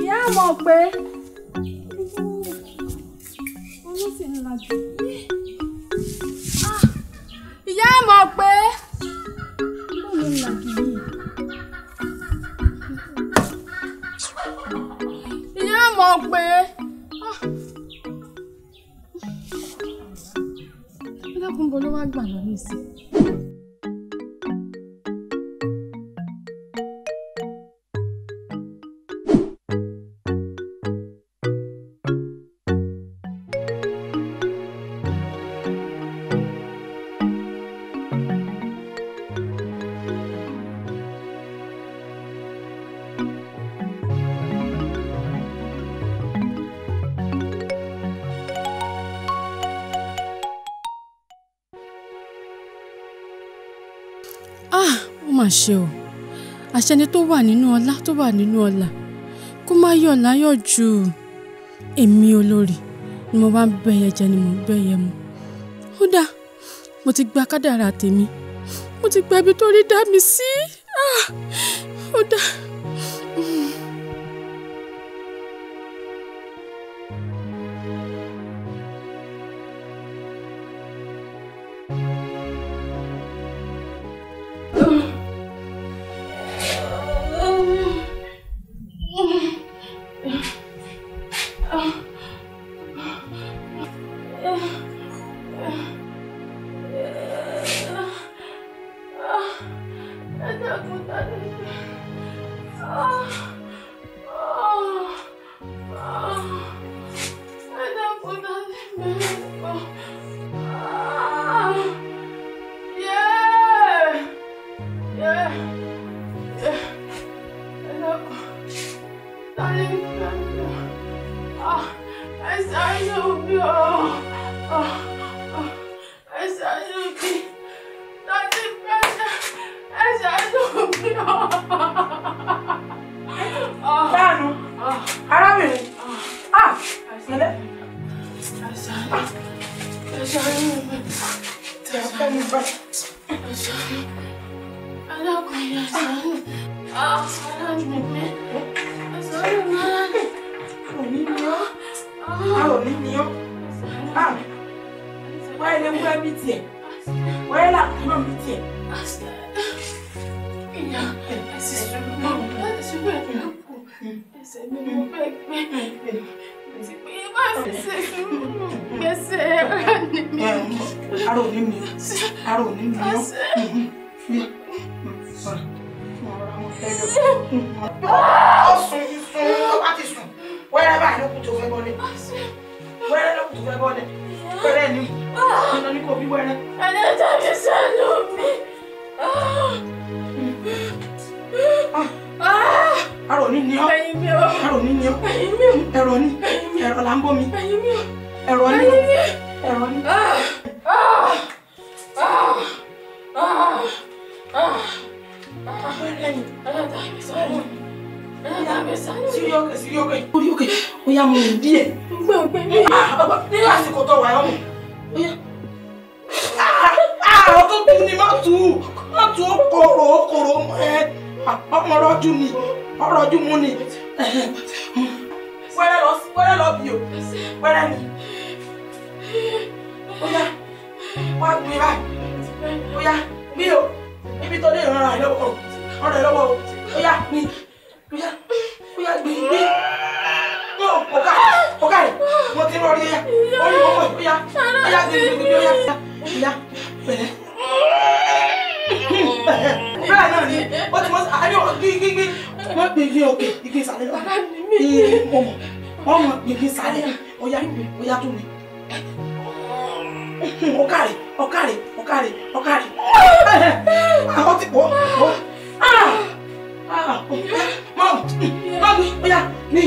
ìyá mọ̀ pé ìyá mọ̀ pé ìyá mọ̀ pé. Bueno wa gbà lọ ṣe o àṣẹni tó wà nínú ọlá tó wà nínú ọlà kó má yọ̀ láyọ̀ jù èmi olórí ni mo bá ń bẹyẹ jẹ ni mo ń bẹyẹ mu ó dáa mo ti gba kádàrà tèmi mo ti gba ibi tó rí dá mi sí ah, ó dáa. mọ́mí bóyá ní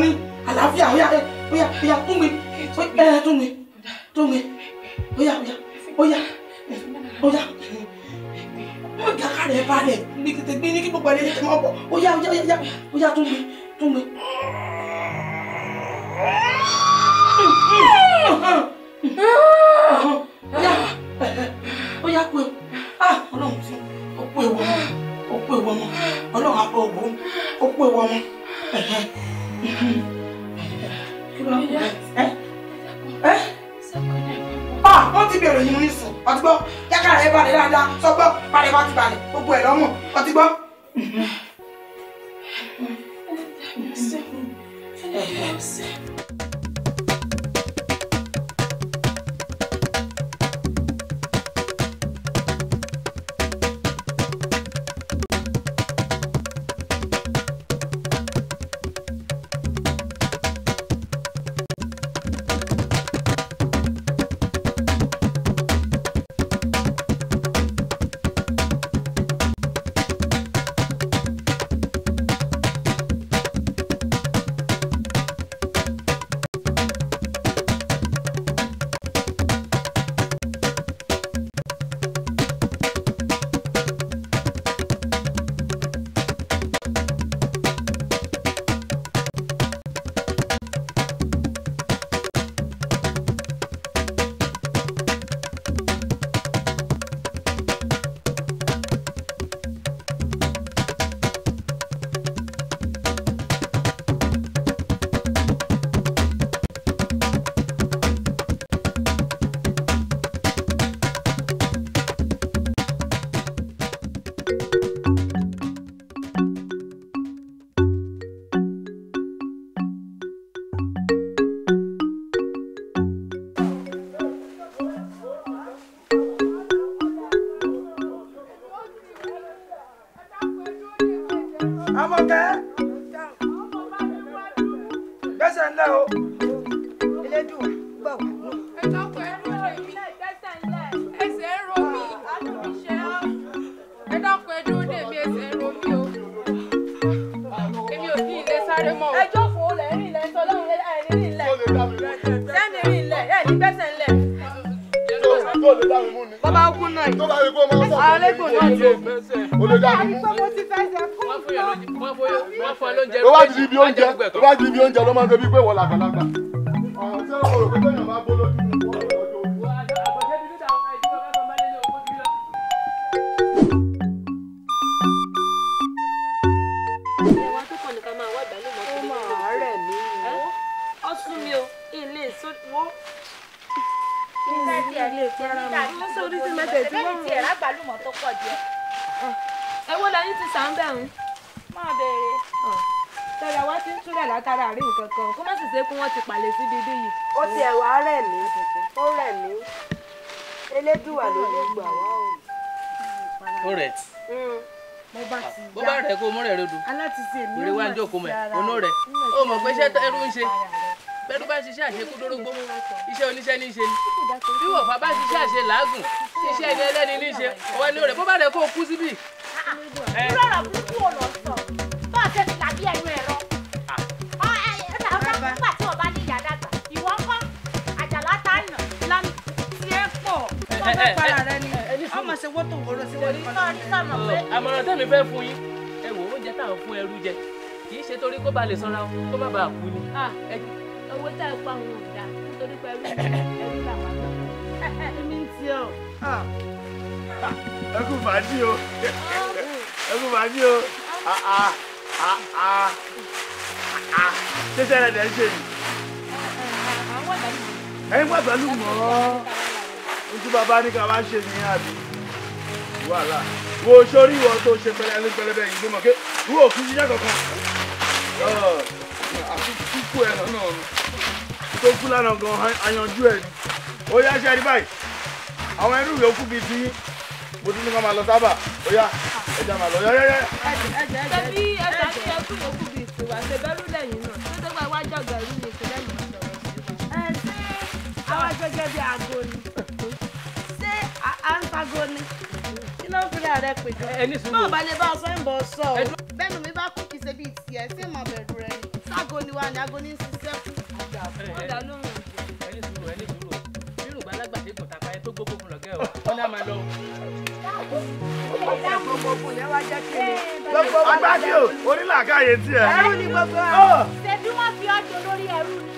ni àlàáfíà bóyá bóyá bóyá tún mi bẹ́ẹ̀ tún mi tún mi bóyá bóyá bóyá bóyá gàkà rẹ̀ balẹ̀ ní kété gbé ní kí gbogbo ẹ̀rẹ́ tẹ̀ mọ́ bọ̀ bóyá bóyá bóyá tún mi tún ah, ọlọ́run ti, ó ó pé ìwọ ọmọ ọlọ́run àpò ògbó ó pé ìwọ ọmọ. wọ́n ti bẹ̀rẹ̀ yìí mú nísìn ọtí gbọ́ jákàrà ẹ balẹ̀ dáadáa sọ gbọ́ balẹ̀ bá ti balẹ̀ gbogbo ẹ̀ lọ́mọ ọtí gbọ́. Thank you. dẹ́sẹ̀ ńlẹ̀ o. elédùn gbà wá. ń ro o. èmi ò náà yìí. tó bá rí kó máa sọ̀rọ̀ ní mú ló wá di ibi oúnjẹ ló wá di ibi oúnjẹ ló máa ń bẹ bí pé wọ́n làgbàlagbà. ọ̀hún ṣé ẹ wo lẹ́yìn ti sàn bẹ́ẹ̀ ń máa bẹ̀rẹ̀ tẹ̀rẹ̀ wá ti ń túlẹ̀ látara àríwú kankan kó má sì ṣe pé wọ́n ti pàlẹ́ sí bíbí yìí. ó ti ẹ̀ wá rẹ̀ mí ó rẹ̀ mí elédùwà ló lè gbà wá o. ó rẹ̀ hmm. mo bá ti ya bó bá rẹ̀ kó mọ́ rẹ̀ rodo rẹ̀ wá ń jókòó mẹ́ oná rẹ̀ ó mọ̀ pé iṣẹ́ ẹrú ń ṣe bẹ́ẹ̀ ló bá ṣiṣẹ́ àṣekúdórógbó iṣẹ́ oníṣẹ́ ní í ṣe ni bí wọ̀fà bá ṣiṣẹ́ àṣe làágùn iṣẹ́ ẹni ẹlẹ́ni ní í ṣe ọwọ́ ẹni rẹ̀ bó bá rẹ̀ kó kú síbí. rárá burúkú ọ̀nà sọ. fẹ́ ẹ̀yin wà pẹ̀lú mọ́ ojú bàbá ní ká wá ṣe ní àbí wàhálà wo sórí ìwọ tó ṣe pẹlẹbẹ pẹlẹbẹ yìí tó mọ ké wúwo kí ṣiṣẹ́ kankan àti kíkú ẹ lọ́nà tó kú lánàá gan ayanjú ẹ ni ó yá ṣe rí báyìí àwọn ẹrú yòókù bíi ti yín mo tún ní ká máa lọ sábà ó yá ẹja máa lọ yẹ́yẹ́. tẹ̀bí ẹ̀ka tí ẹ kú yòókù bíi tiwa ṣe bẹ́rù lẹ́yìn náà tó dọ́gba iwájú ọ̀gá ìlú ni ìpínlẹ̀ yìí. ẹ ṣe àwọn gẹ́gẹ́ bíi aago ni antagoní kí ló ń pèrè ààrẹ pè jọ náà balẹ̀ bá ọsán ń bọ̀ sọ ọ. bẹ́ẹ̀ni mi bá kú kì í ṣe bíi tiẹ̀ sí ìmọ̀ bẹ̀rù rẹ̀ ságoni wa ni agoni ń ṣiṣẹ́ kú. ọ̀dà ló ń rìn jù. ẹni sùúrù ẹni sùúrù rírun bá alágbàdé kò tàpá ẹ tó gbogbo fún lọ́gẹ́ o ó náà máa lọ. gbogbo fún yẹn wá jẹ́ kí ni. gbogbo wá jẹ́ kí ni. ọgbà kí o onílàkàyè ni gbogbo ẹ. ṣèbí fi ọjọ́ lórí ẹrú ni.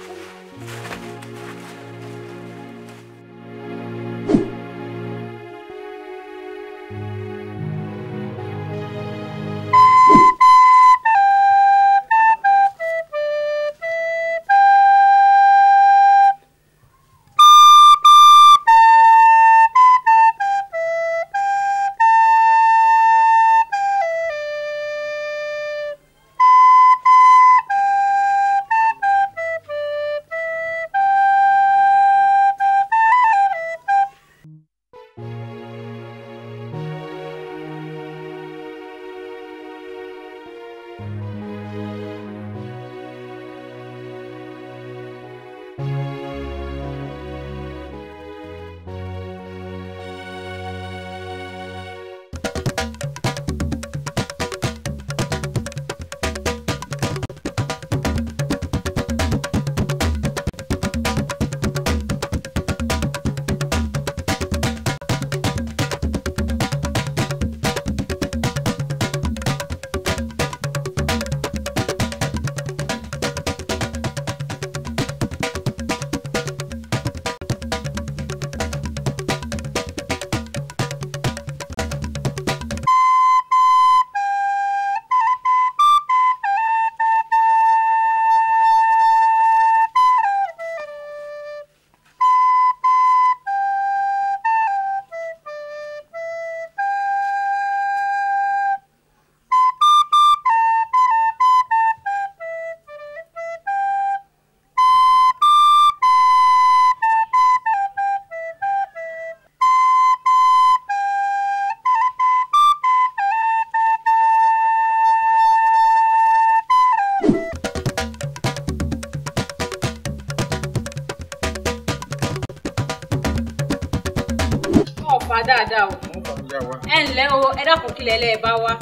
ìpìlẹ̀ lẹ́ ẹ bá wá.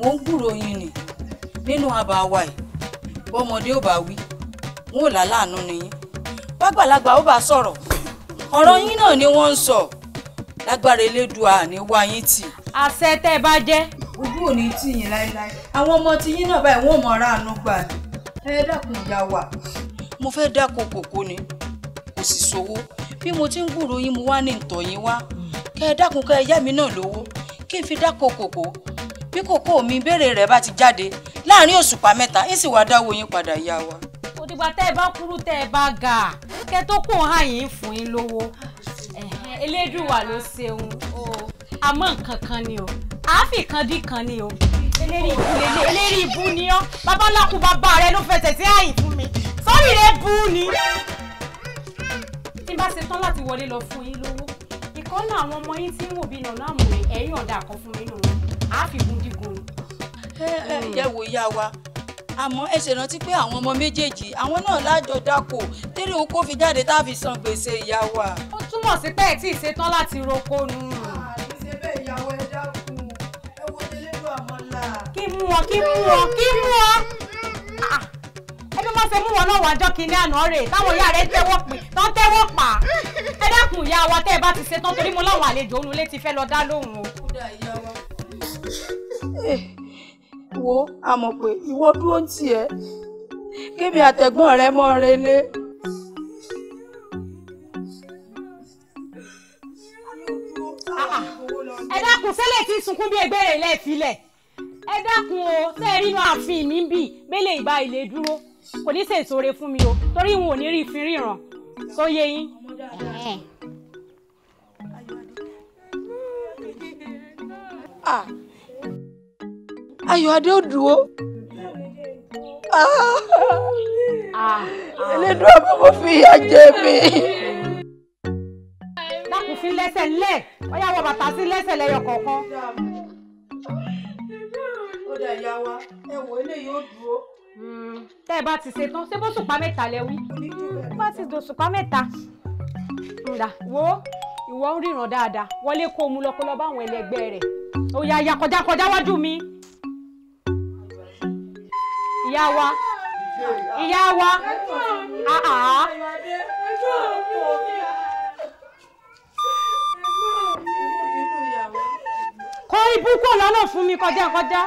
mo ń gbúròó yín ni nínú àbá wa yìí bọ́mọdé ò bá wí wọn ò láláàánú nìyí bàgbàlagbà ó bá sọ̀rọ̀ ọ̀rọ̀ yín náà ni wọ́n ń sọ lágbára elédùà ní wá yín tì. àṣẹ tẹ́ ẹ bá jẹ́. ojú ò ní tì yín láéláé àwọn ọmọ tí yín náà báyìí wọn ò mọ ara àánú gbà ẹ dákun ìyá wa. mo fẹ́ dáko kòkó ni kò sì sówó bí mo ti ń gbúròó yín mo wá ní ìtọ̀ yín wá kẹ ẹ dákun kẹ ẹ yá mi náà lówó kí n fi dá kokòkò bí kòkó mi béèrè rẹ̀ bá ti jáde láàrin òṣùpá mẹ́ta ń sì wá dáwọ́ yín padà yá wa. òdìgbà tẹ́ ẹ bá kúrú tẹ́ ẹ bá ga kẹ́ tó kò hàn yín fún yín lówó elédùwà ló ṣeun o àmọ́ nǹkan kan ni o àáfì kan dí kan ni o eléri ibu lele eléri ibu ni ọ babaláku bàbá rẹ ló fẹsẹ̀ sí àyìn fún mi sórí rẹ bú ni. tí n bá ṣe tán láti wọlé lọ fún yín ẹ̀kọ́ náà àwọn ọmọ yín tí ń wò bí nàá náà mú ẹ̀yìn ọ̀dà kan fún mi nù á fi gun dígun. ẹ ẹ ẹ wo wa àmọ́ ẹ ṣe rántí pé àwọn ọmọ méjèèjì àwọn náà lájọ dáko tẹ́lẹ̀ òun kó fi jáde tá a fi san gbèsè ìyá wa. ó túmọ̀ sí pé ẹ̀ tí ì ṣetán láti roko nu. àìṣe bẹ́ẹ̀ ìyàwó ẹ dákun ẹ wo lélẹ́dọ̀ àmọ́ là. kí mú wọn kí mú wọn kí mú wọn bá ṣe mú wọn náà wájọ́ kínní àná rè táwọn ìyá rẹ̀ tẹ́wọ́ pè tán tẹ́wọ́ pa ẹ dákun ìyá wa tẹ́ ẹ bá ti ṣe tán torí mo láwọn àlejò òun lé ti fẹ́ lọ dá lóhùn o. Eh, wo a mọ̀ pé ìwọ dúró ń tiẹ̀ kébì àtẹ̀gbọ́n rẹ mọ́ relé. Ah, ẹ dákun ṣẹlẹ̀ tí sunkún bí egbèrè lẹ́ẹ̀filẹ̀ ẹ dákun o tẹ́ ẹ rí inú ààfin mi ń bì bẹ́lẹ̀ ìbá ilé dúró kò ní sèṣore fún mi o torí n ò ní rí ìfín ríran tó yé yín. Ah, Ayọ̀adé ò dúró ẹlẹ́dùn ah, ah, àbúkù fi ìyà jẹ mi. dákun fi lẹ́sẹ̀ ńlẹ̀ wọ́n yà wọ bàtà sí lẹ́sẹ̀ lẹ́yọ kọ̀ọ̀kan. ó dà yà wá ẹ eléyìí ó dúró tẹ́ ẹ bá ti ṣe tán ṣé bó ṣùpá mẹ́ta lẹ wí bá ti dò ṣùpá mẹ́ta ńlá wo ìwọ ń ríran dáadáa wọlé kó o mú lọ kó lọ bá àwọn ẹlẹgbẹ́ rẹ̀ ó yá ya kọjá kọjá wájú mi ìyá wa ìyá wa àá. kọ ibú kò lọ́nà fún mi kọjá kọjá.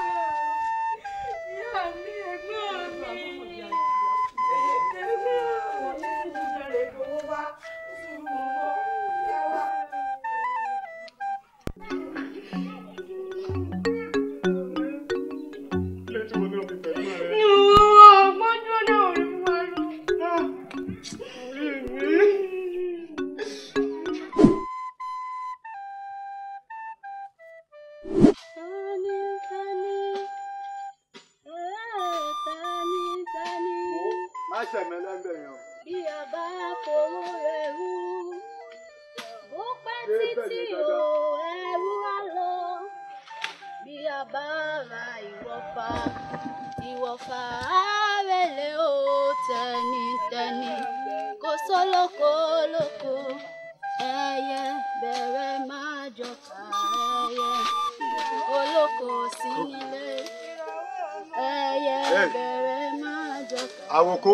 àwòkó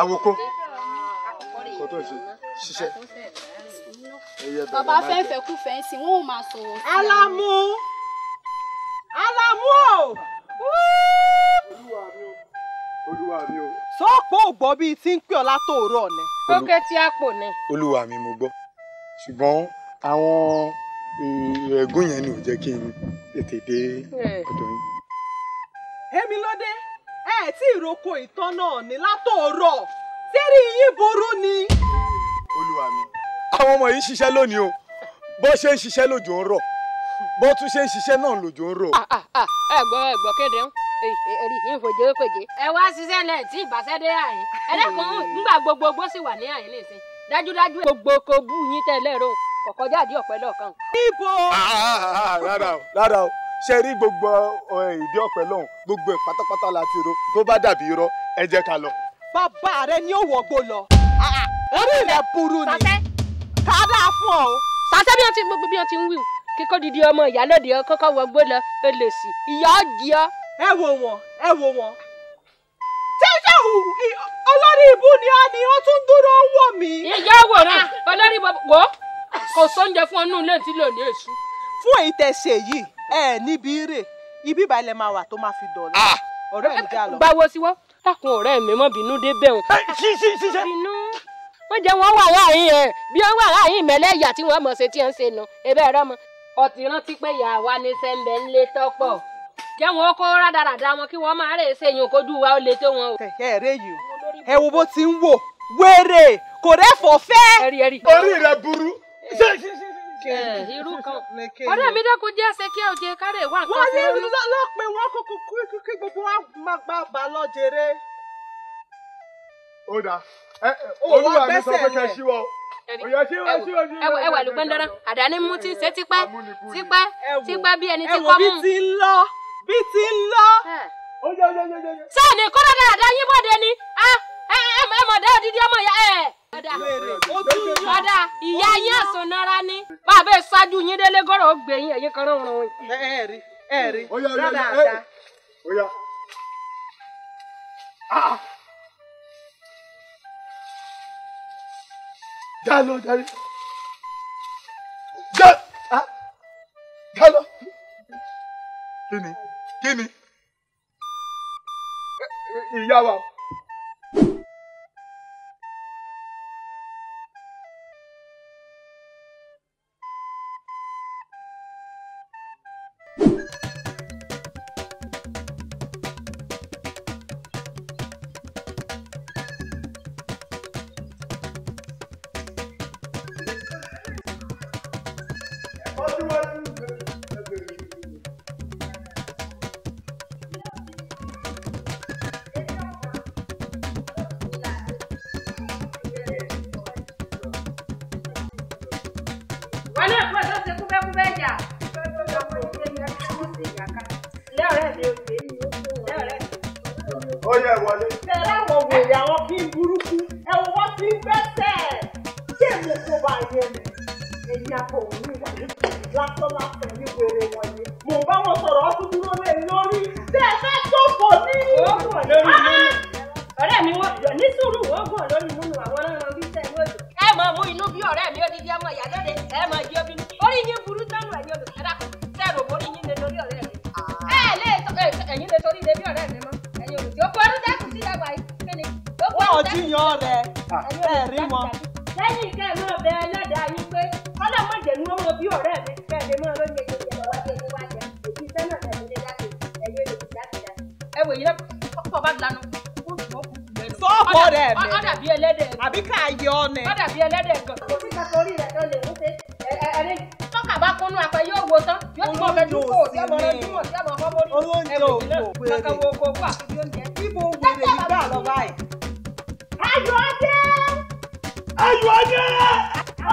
àwòkó kò tó ṣe ṣiṣẹ́. bàbá fẹ́ǹfẹ́ kú fẹ́ǹsì wọn ò máa sọ̀rọ̀ sí i. Alamu Alamu o. olúwa mi o olúwa mi o. sọ́ọ̀pọ̀ ò gbọ́ bíi tí ń pè ọ́ látòórọ̀ ni. kókè tí a pò ní. olúwa mi mo gbọ́ ṣùgbọ́n àwọn eh, ẹ̀gún yẹn ni ò jẹ́ kí n tètè dé kòtò eh. yín. èmi ló dé ẹ tí ìroko ìtàn náà ní látòórọ̀ sẹ́rí yín burú ni. olúwa mi àwọn ọmọ yìí ń ṣiṣẹ́ lónìí o bó ṣe ń ṣiṣẹ́ lòjò ń rọ̀ bó tún ṣe ń ṣiṣẹ́ náà lòjò ń rọ̀. Ah, ah, ah. ẹ gbọ́ ẹ gbọ́ kéde èrì yín fòjé fòjé. ẹ wá ṣiṣẹ́ náà tí ìbáṣẹ́ dé àyín ẹlẹ́kùn nígbà gbogbogbò sì wà ní àyín nìsín dájúdájú gbogbo kò bú yín tẹ́lẹ̀ rò kọ̀kọ́ jáde ọ̀pẹ lọ́ọ̀kan. níbo. rárá o rárá o ṣe rí gbogbo eh, ìdí ọ̀pẹ lọ́hùn gbogbo ẹ̀ pátápátá láti ro tó bá dàbí irọ́ ẹ jẹ́ ká lọ. bàbá rẹ ni ó wọgbó lọ ah, ah. orí rẹ burú ni kára fún ọ. sàṣẹ bí wọn ti gbogbo bí wọn ti ń wíwù kíkọ́ didi ọmọ ìyálòdì kọ́kọ́ wọgbó lọ olè sí ìyá ọ̀dì ọ. ẹ wò wọn ẹ wò wọn. títí olórí ibú ni a ni ó tún dúró wò mí. ìyá àwòrán olórí wò kò sóúnjẹ fún ọ nínú ilé tí lò ní èṣù. fún èyí tẹ̀ ṣe yìí ẹ níbi rè ibi ìbàlẹ̀ máa wà tó máa fi dọ̀lọ́ ah! ọ̀rẹ́ mi já lọ. gbawo sí wọ́n takun ọ̀rẹ́ mi mọ́ bínú dé bẹ́ẹ̀ o. Eh, sí sí sí sí. bínú wọ́n jẹ́ wọ́n wà láàyè ẹ̀ bí wọ́n wà láàyè ìmẹ́lẹ́ ìyà tí wọ́n mọ̀ ṣe tí wọ́n ṣe nà ebe ẹ̀rọ mọ́. ọtí rántí pé ìyá wa ní sẹ́ńbẹ̀ ń lé tọ́pọ̀ jẹ́ wọn kó rádaràda wọn kí wọ́n máa rè é sẹ́yìn kojú wa ó le tó wọn o. kẹ̀kẹ́ ẹ̀rẹ́ yìí ẹ wo bó ti ń wò wéré kò rẹ́ fọ́ fẹ́. orí rẹ burú. Eh, irú kan ọ̀rẹ́ mi dẹ́kun jẹ́ ṣe kí ọ̀jẹ̀ kárẹ̀ wà nǹkan sí lórí. wọ́n ní lọ́pẹ́ wọn kúkú kí gbogbo wa máa gba bà lọ jèrè. ó dà olúwa mi sọ pé kẹ́ ẹ ṣíwọ́ ẹ wà lùpẹ́ ńlọrọ àdáni mú ti ń ṣe tipẹ́ tipẹ́ tipẹ́ bí ẹni tí kọ́ mú. ẹ wò bí ti ń lọ bí ti ń lọ. Eh. sẹ́ẹ̀ni kó dáadáa dá yín bọ́dẹ ni ah, ẹ mọ̀ dá odidi ọmọ ìyá ọ̀dà ọ̀dà ìyá yín àsùn nara ní bàbá ìṣáájú yín délé gọ́rọ̀ ó gbé yín ẹ̀yìn kan rán wọn. ẹ rí ẹ rí rárá àdá. já lọ jáde já já lọ kí ni kí wa.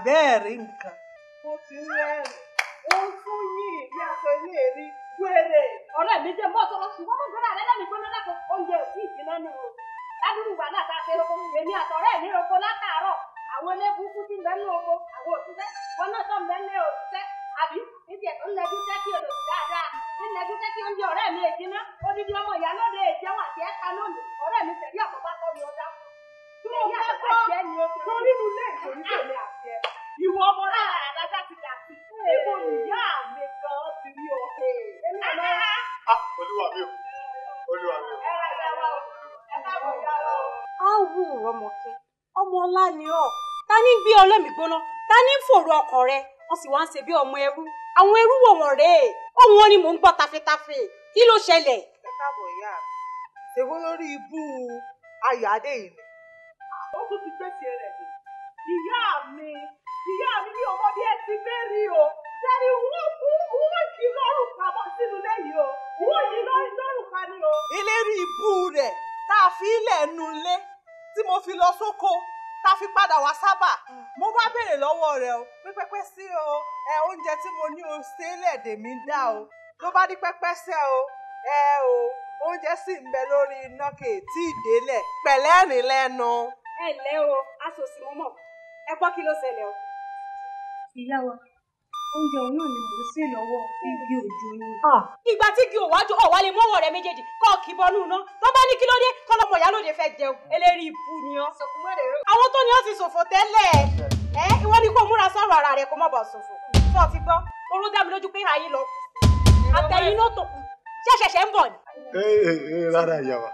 àbẹ́ẹ̀rí nǹkan. mo ti rẹ́rìn ó tún yí ìgbé aṣọ ilé rí wéré. ọ̀rẹ́ mi jẹ́ mọ́ sọ̀rọ̀ ṣùgbọ́n mo gbọ́dọ̀ àlẹ́ lẹ́nu gbọ́dọ̀ lẹ́kọ̀ọ́ oúnjẹ òsì ìdíná nù ládùúgbò ìgbà náà ta ṣe èmi àtọ̀rẹ́ mi roko látàárọ̀ àwọn ilé burúkú ti ń bẹ́ẹ̀ ní oko àwọn òṣìṣẹ́ ní fòrò ọkàn rẹ wọn sì wá ń ṣe bí ọmọ ẹrú àwọn ẹrú wò wọn rèé ohun wọn ni mò ń gbọ́ tafetafe kí ló ṣẹlẹ̀. ẹ káàbọ̀ ìyá mi èwo lórí ibú ayọ̀ adé yìí ni. ó tún ti gbèsè rẹ̀ dé ìyá mi ìyá mi ní ọmọdé ẹ ti bẹ́ẹ̀rì o sẹ́ni wọ́n kú wọ́n kì í lọ́rùn pamọ́ sínú lẹ́yìn o wọ́n yìí lọ́rùn lọ́rùn pa ni o. ilé rí ibú rẹ̀ tá a fi ilẹ̀ nu tí mo fi lọ sóko ta fi padà wá sábà mo bá béèrè lọ́wọ́ rẹ o pé pẹ́pẹ́ sí o ẹ oúnjẹ tí mo ní o ṣe é lẹ́ẹ̀dẹ̀ mi dá o ló bá ní pẹ́pẹ́ sẹ́ o ẹ o oúnjẹ sì ń bẹ lórí iná kèétí ìdélẹ̀ pẹ̀lẹ́rìn lẹ́nu. ẹ ǹlẹ́ o aṣòsì mọ́mọ́ ẹ gbọ́ kí ló ṣẹlẹ̀ o. ìyá wa oúnjẹ òun náà ni mò ń sè lọ́wọ́ igi òjò yín. ìgbà tí igi òwájú ọ̀wá lè mọ́wọ́ rẹ méjèèjì kọ́ kì í bọ́nú iná tó bá ní kí ló dé kọ́ lọ́mọ ìyá lóde fẹ́ jẹun eléri ibu ni ọ́. àwọn tó ní ọ́ ti ṣòfò tẹ́lẹ̀ ẹ ìwọ ni kò múra sọ̀rọ̀ ara rẹ kó má bàa ṣòfò fún ọtí gbọ́ oró dá mi lójú pé ayé lọ àtẹ̀yìn ló tó ṣe ṣẹ̀ṣẹ̀ ń bọ̀ ni. rárá ìyá wa.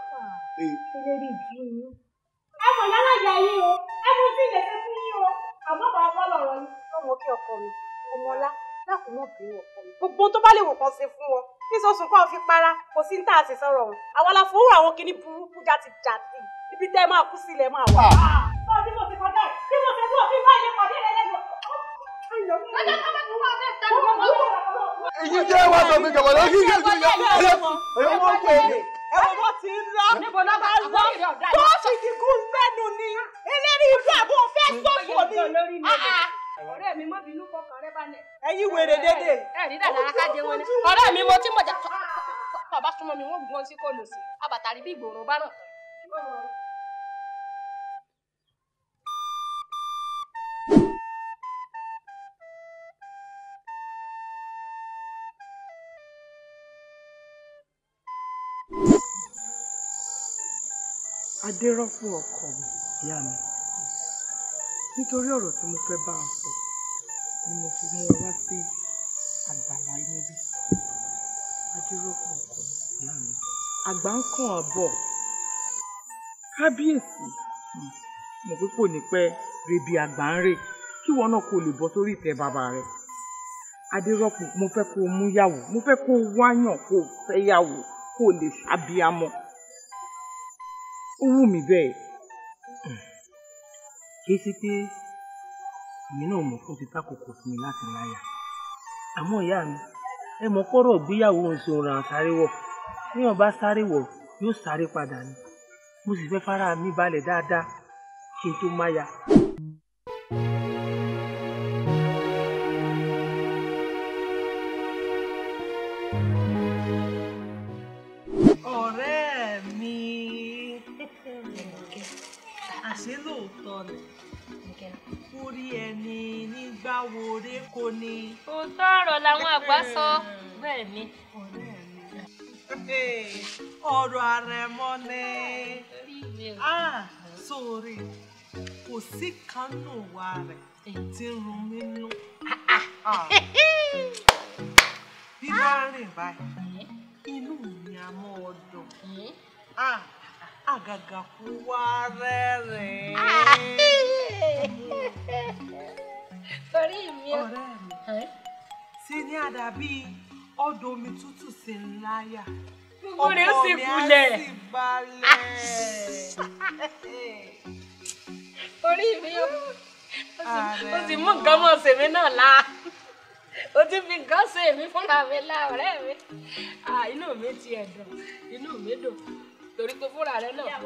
ẹ mọ̀ lálàyé ayé o ẹ mú sí ilẹ̀ ọmọlá lákòó mọ̀ bí ọkọ mi gbogbo tó bá lè wò kàn ṣe fún ọ bí sọ́sùn kan fi para kò sí ní tá a sì sọ̀rọ̀ ọ̀hún àwọn aláfowó àwọn kìíní burúkú jáde jáde ibi tẹ́ ẹ máa kú sílẹ̀ máa wà. báwo ni mo ti kọjá ẹ̀ bí mo ti mú òfin bá ilé pàdé rẹ̀ lẹ́nu èyí jẹ́ wá sọ mi jọ̀wọ́ lórí yíyá sí ìyá ẹ̀ ẹ̀ wọ́n kò ní. ẹ̀wọ̀n ti lọ níbo náà bá lọ tó fi kíkún mẹ́nu ni eléyìí ìlú àbò fẹ́ sọ̀fọ̀ ni ọ̀rẹ́ mi mọ́ bínú fọkàn rẹ balẹ̀. ẹ̀yin wèrè dédé. ẹ ní dàda akájẹ wọn ni ọ̀rẹ́ mi mo ti mọ̀jà tó bá súnmọ́ mi wọ́n gbọ́n sí kò lò sí àbàtà rí bí ìgbòho bá nà. adérọ́pò ọkọ mi ìyá mi nítorí ọ̀rọ̀ tí mo fẹ́ bá ọ sọ ni mo fi mú ọ wá sí àgbàlá níbí adúrópọ̀ ọkọ mi àgbà ń kàn án bọ̀ kábíyèsí mo pé kò ní pẹ́ rebi àgbà ń rè kí wọn náà kò lè bọ́ sórí ìtẹ́ bàbá rẹ adérọ́pọ̀ mo fẹ́ kó o mú yàwó mo fẹ́ kó o wáyàn kó o fẹ́ yàwó kó o lè ṣàbíamọ ó wù mí bẹ́ẹ̀ kìí sí pé èmi náà mọ̀ fún ti tákòkò fún mi láti láyà àmọ́ ìyá mi ẹ mọ̀ pọ́rọ̀ ìgbéyàwó ń ṣe òràn àsáré wọ̀ téèyàn bá sáré wọ̀ yóò sáré padà ni mo sì fẹ́ fara mi balẹ̀ dáadáa kí n tó máa ya mi ni ẹni nígbà wo ré kò ní. òótọ́ ọ̀rọ̀ làwọn àgbà sọ bẹ́ẹ̀ ni. ọ̀rọ̀ àrẹ̀mọ ni ah, sórí kò sí kánú wa rẹ̀ tí ń run mí nú. bí bá rìn báyìí inú mi àmọ́ ọ̀dọ̀ àgàgà kú wá rẹ́rìn-ín. torí ah, mi ò ọ̀rẹ́ mi sí ní àdàbí ọ̀dọ̀ omi tútù sí ńláyà gbogbo rẹ̀ sì kulẹ̀ orí mi ò o sì mú nǹkan mọ́ sèmi náà la o ti fi nǹkan sèmi fúnra mi la ọ̀rẹ́ mi ah, inú mi ti ẹ̀ dùn inú mi dùn torí pé fúnra rẹ náà.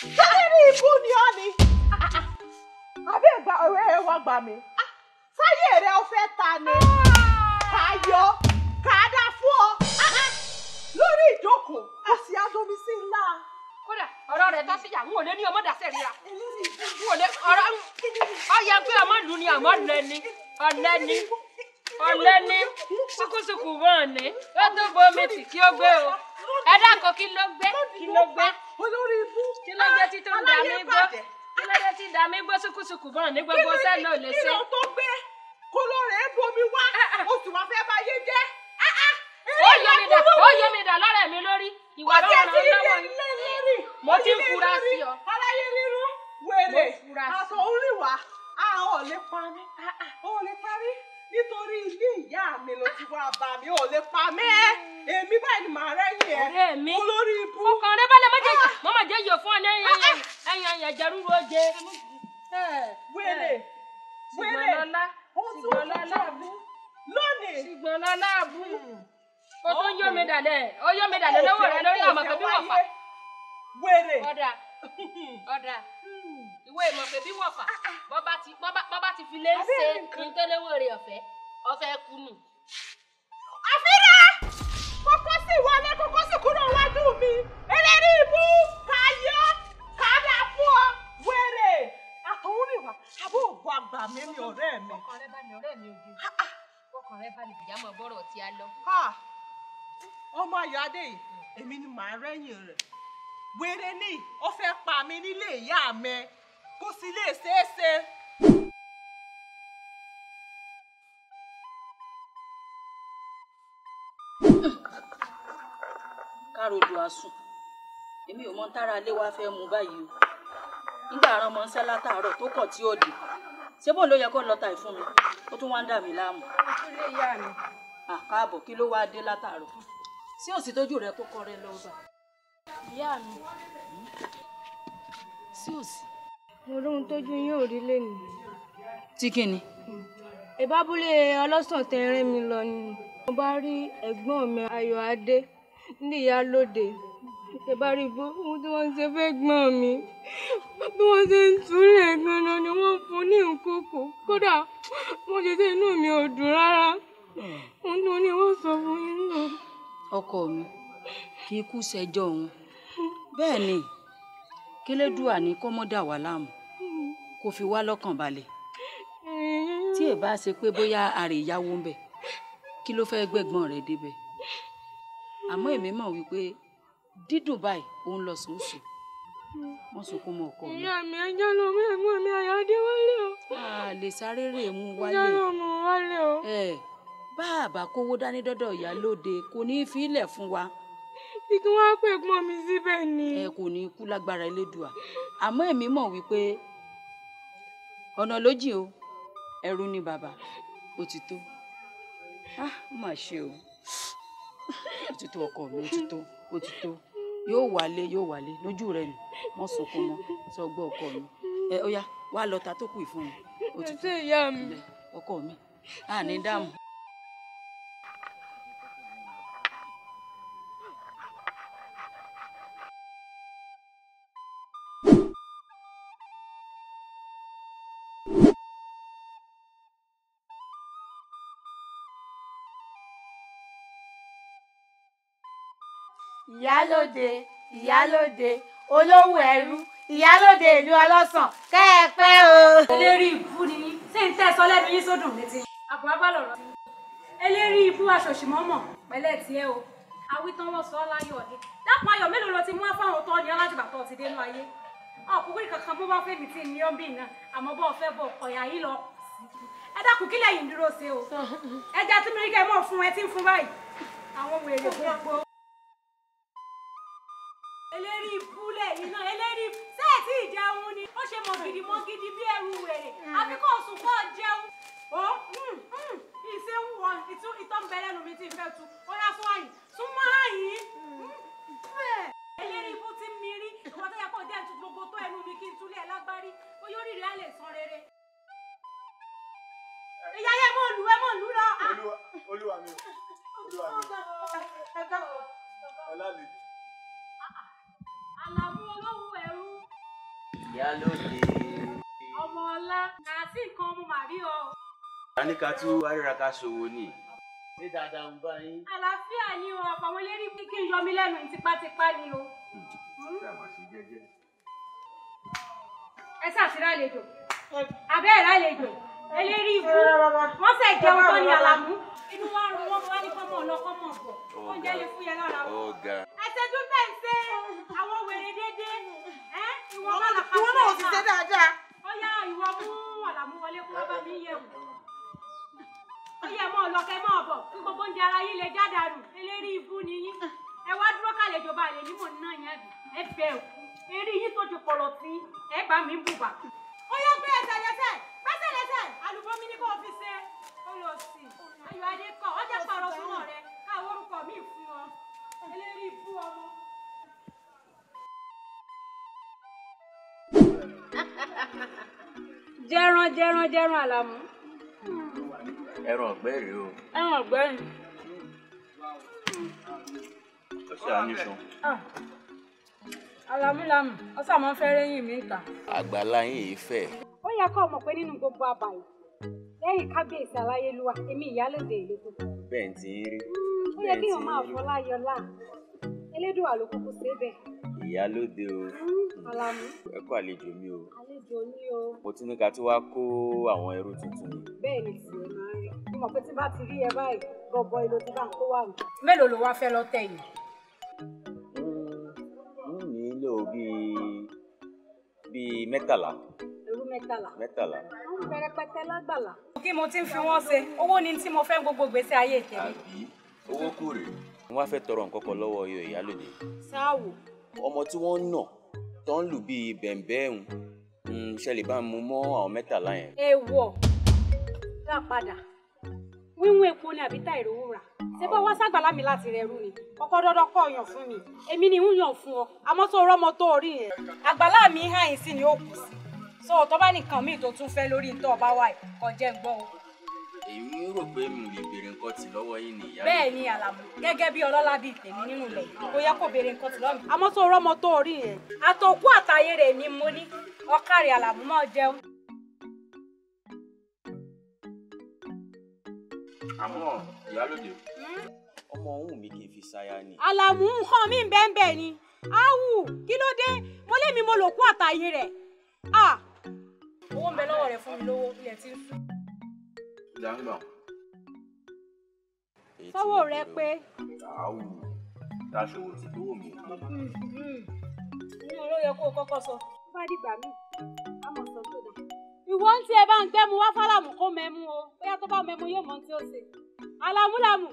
sẹ́yìn ibú ni ọ́ ni àbí ẹ̀gbà ọ̀rẹ́ ẹ wá gbà mí sáyé rẹ ó fẹ́ ta ni kà á yọ kà á dá fún ọ lórí ìjókòó kò sí adomi sí ńlá. kódà ọ̀rọ̀ rẹ̀ tọ́ síjà n ò lé ní ọmọ dàsẹ̀ ríra n ò lé ọ̀rọ̀ ọ̀yẹ́ pé ọmọ lù ni àmọ́ lẹ́ni ọ̀lẹ́ni ọ̀lẹ́ni ṣùkùṣùkù wọ́n ní ó tó bomi tì kí ó gbé o ẹ dákọ̀ kí ló gbé kí ló gbé kí ló gbé títí ń dà mí gbó kí ló gbé títí ń dà mí gbó ṣùkùṣùkù wọ́n ní gbogbo sẹ́nu ò lè ṣe. kí ló tó gbé kó ló rẹ̀ é bomi wá ah, ah, ah. oṣù wa fẹ́ bá yé jẹ́ ó yọ mi dà ó yọ mi dà lọ́rẹ̀ mi lórí ìwà lọ́rùn lọ́wọ́ mo ti ń fura sí ọ. aláyé rírú wèrè àtọ̀ orí wa a ò lè parí a ò lè parí nítorí ilé ìyá mi ló ti wá bá mi ò lè pa mí ẹ èmi báyìí ni màá rẹ́yìn ẹ ọ̀rẹ́ mi olórí ibú. ọkàn rẹ bá lè má jẹ mọ ah! má jẹ yọ fún ọ ní ẹyìn ẹyìn ẹyìn ẹyìn ẹjẹrú ló jẹ. wéré wéré ohun tí wọn lọ láàbù lónìí. ṣùgbọ́n lọ láàbù. Hmm. o tó ń yọ mi dàlẹ́ o yọ mi dàlẹ́ lọ́wọ́ rẹ lórí àmọ̀kẹ́ bí wọ́n fà. wéré ọ̀dà ọ̀dà wo èèmọ̀ pé bí wọ̀fà ah, ah. bọ́ bá ti fi lé ń ṣe ní tó léwó rè ọ̀fẹ́ ọ̀fẹ́ kú nù. àfihàn kókó sì wọlé kókó sì kúrò wájú mi eléri ìbú káyọ kádà fún ọ wéré àtọ̀hún ògbó àgbà mi ni ọ̀rẹ́ mi. ọkàn rẹ bá ní ọ̀rẹ́ mi ojú ah, ọkàn rẹ bá ní ìyá mọ̀ bọ́rọ̀ tí lọ. ọmọ ayọ̀ adé èmi ni màá rẹ́yìn rẹ̀ wéré ní ó pa mi nílé ìyá mi kò sì lè ṣeé ṣe. károdù àsùn èmi ò mọ tára ilé wa mu báyìí o nígbà àrùn ọmọ ńṣẹ́ látàárọ̀ tó kọ̀ tí ó dì ṣé ló yẹ kó lọ́ọ́ ìfún mi ó tún wá ń dà mí láàmú. ìyá mi. àkáàbọ̀ kí ló dé látàárọ̀ sí òsì mo lóhun tójú yín ò rí lẹ́nu. tí kí ni. ìbábúlé ọlọ́sàn tẹ rẹ́ mi lọ ni mo bá rí ẹ̀gbọ́n mi Ayọ̀adé ní Ìyálóde ẹ bá rí bó ohun tí wọ́n ṣe fẹ́ gbọ́n mi bí wọ́n ṣe ń túlẹ̀ ganan ni wọ́n fún ní nkókò kódà wọ́n ṣe ṣe inú mi ò dùn rárá ohun tí wọ́n ní wọ́n sọ fún yín náà. ọkọ mi kì í kú sẹjọ òun bẹ́ẹ̀ ni kílẹdùà ní kọmọdà wà láàmú kó fi wá lọ́kàn balẹ̀ mm-hmm. tí ẹ bá ṣe pé bóyá àrè ìyàwó ń bẹ kí ló fẹ́ gbẹ̀gbọ́n rẹ̀ débẹ̀ àmọ́ èmi mọ̀ wípé dídùn báyìí òun lọ sùn sùn wọn sunkún mọ ọkọ mi. ìyá mi ẹjọ́ ló mú ẹ̀mú mi àyàdé wálé o. a lè sáré mú wálé. ìyá ló mú wálé o. ẹ bá àbá kówó dání dọ́dọ̀ ìyá lóde kò ní í fi ilẹ̀ fún wa. kí wọ́n gbọ́n mi síbẹ̀ ni. ẹ kò ní í kú lágbára elédùà àmọ́ èmi mọ̀ wípé ọ̀nà ló jìn o ẹ̀rù ni bàbá ó ti tó ah, á mà ṣe o ó ti tó ọkọ mi ó ti tó ó ti tó yóò wálé yóò wálé lójú rẹ nù mọ sunkún mọ sọ gbọ ọkọ mi ẹ ó yá wá lọ ta tó kù ìfún mi ó ọkọ mi àní dààmú ìyálòde ìyálòde olówó ẹrú ìyálòde ìlú ọlọ́sàn kẹ́ẹ̀pẹ́ o. eléri ìbú ni yín ṣé ń tẹ́ sọ lẹ́nu yín sódùn mi ti. àpò abálọ̀rọ̀ mi. eléri ìbú aṣòṣìmọ́mọ̀ pẹ̀lẹ́ tiẹ̀ o awítán wọn sọ láyọ̀ ọ̀dẹ lápò ayọ̀ mélòó ló ti mú afáwọn tó ní alájùbà tó ti dénú ayé ọkùnrin kankan bó bá fẹ́ mi ti ní ọ́ bì náà àmọ́ bọ́ fẹ́ bọ̀ ọ̀yà yìí lọ ẹ dákun kílẹ̀ yìí ń dúró ṣe o ẹja tí mi rí kẹ́ mọ̀ fún ẹ ti ń fún báyìí àwọn wèrè gbogbo eléri ìbúlẹ̀ iná eléri sẹ́ẹ̀tì ìjẹun ni ó ṣe mọ̀ gidi mọ́ gidi bí ẹrù wèrè àfi kò sùn kó jẹun ó hmm, hmm, ìṣe ń wọ ìtọ́ ń bẹ lẹ́nu mi tí ń fẹ́ tu ó yá sún àyìn sún mọ́ àyìn hmm, eléri ibú ti mi rí ìwọ́n tó yẹ kó jẹ́ gbogbo tó ẹnu mi kí n túlẹ̀ lágbárí ó yóò rírì á lè san rere ìyá yẹ mọ olùwẹ mọ olú lọ. olúwa mi olúwa mi ọlá mi. Àlàmú olóhùn ẹ̀rú. Ìyá lóde. Ọmọ ọlá, nàásì kan mo mà rí ọ. Àníkà tí wàá ríra ká ṣòwò ni. Ṣé dáadáa ń bá yín? Àlàáfíà ni o, àfàwọn eléré kí n yọ mí lẹ́nu tipátipá ni o. Ṣé àmọ̀ sí jẹ́jẹ́? Ẹ ṣàṣírà àlejò. Abẹ́ ẹ̀rá àlejò eléri ibu wọn sẹ jẹun tó ní alamu inú wa rún wọn wá ní kọmọ ọlọkọmọ bọ oúnjẹ lè fúyẹ lọra wọn. ẹsẹ dúpẹ́ ń ṣe àwọn ìwọ bá la fa sílẹ̀ náà. ìwọ náà ò sì ṣe dáadáa. ó yá ìwọ mú ọ̀làmú wọlé kó bá mi yẹ̀ wò. ó yẹ mọ́ ọlọ́kẹ́ mọ́ ọ̀bọ̀ kí gbogbo oúnjẹ ara yín lè jádàrú eléré ibú ni yín. ẹ wá dúró kálẹ̀ ìjọba àlè ní mò ń ná yẹn ẹ bẹ̀ ẹ̀ kú eré yín tó ti pọ̀lọ̀ sí ẹ bá mi bùbà. ó yá gbé ẹsẹ̀ lẹ́sẹ̀ gbẹ́sẹ̀ lẹ́sẹ̀ àlùbọ́mí ni kò fi ṣe ó lọ sí i. jẹran jẹran jẹran àlàmú. ẹran ọgbẹ rèé o. ẹran ọgbẹ rèé. ó sì á níṣan. Ah. àlàmúlàmù ọsà máa ń fẹ́ rẹ́yìn mi ta. àgbàlá yín yìí fẹ̀. ó yẹ kó o mọ̀ pé nínú gbogbo àbá yìí lẹ́yìn kábíyèsí aláyélúwà èmi ìyálòdè ìlú tó. bẹ́ẹ̀ ti ń rí. ó yẹ kí èèyàn máa fọlá yọlá elédùn àlòkùnkùn ṣe é bẹ́ẹ̀. ìyálòdè o. Mm. Alamu. Ẹ kú àlejò mi o. Àlejò ni o. Mo ti ní ká tí wàá kó àwọn ẹrú tuntun ni. sì ni màá rí. Mo mọ̀ pé tí bá ti rí ẹ báyìí, gọbọ ìlò tí bá ń kó wà mí. Mélòó ló wá fẹ́ lọ tẹ̀ yìí? Mo nílò bíi bíi mẹ́tàlá. Ẹrú mẹ́tàlá. Mẹ́tàlá. Àwọn pẹrẹpẹtẹ lágbàlá. Kí mo ti ń fi wọ́n ṣe, owó ni tí mo fẹ́ gbogbo gbèsè ayé ìtẹ̀lé. Àbí owó kù Wọ́n á fẹ́ tọrọ Ọmọ tí wọ́n ń nà tó ń lù bíi bẹ̀ǹbẹ̀ ẹ̀hún hmm, ṣe lè bá mu mọ́ àwọn mẹ́tàlá yẹn. ẹ wọ dá padà wíwún epo ni àbí tá ìrówó rà ṣé bá wá ságbàlá mi láti rẹ rú ni ọkọ dandan kọ yàn fún mi èmi ni ń yàn fún ọ àmọ́ tó rọmọ tó rí yẹn àgbàlá mi hàn yín sí ni ó kù sí so tó bá nìkan míì tó tún fẹ́ lórí tó ọba wa kọjá ń gbọ́ o èyí ń rò pé mi ò lè béèrè nǹkan tì lọ́wọ́ yín nìyá. bẹ́ẹ̀ ni àlàmú gẹ́gẹ́ bí ọlọ́lá bíi tèmi nínú ilẹ̀ kò yẹ kó béèrè nǹkan tì lọ́wọ́ mi. àmọ́ tó rọ́mọ tó rí yẹn. àtòkú àtàyè rẹ̀ ni mo ní ọkàrẹ̀ àlàmú máa jẹun. àmọ́ ìyálòdè hmm? ọmọ ọ̀hún mi kì í fi ṣaya ni. àlàmú nǹkan mi ń bẹ́ẹ̀ bẹ́ẹ̀ ni áwù kí ló dé mo lé mi mo lòkú àtàyè rẹ̀. Ah! owó ń bẹ lọ́wọ́ rẹ̀ fún mi lówó ilẹ̀ tí ń sùn sọ́wọ́ rẹ pé. àwù dáṣòwò ti dúró mi. Mm, mm, mm. inú ló kó o kọ́kọ́ sọ. bá dìgbà mí a sọ tó dà. ìwọ ń tiẹ̀ bá ń gbẹ́mu wá fálàmù kó mẹ́mu o bóyá tó bá mẹ́mu yóò mọ ohun tí ó ṣe. àlàmúlàmù.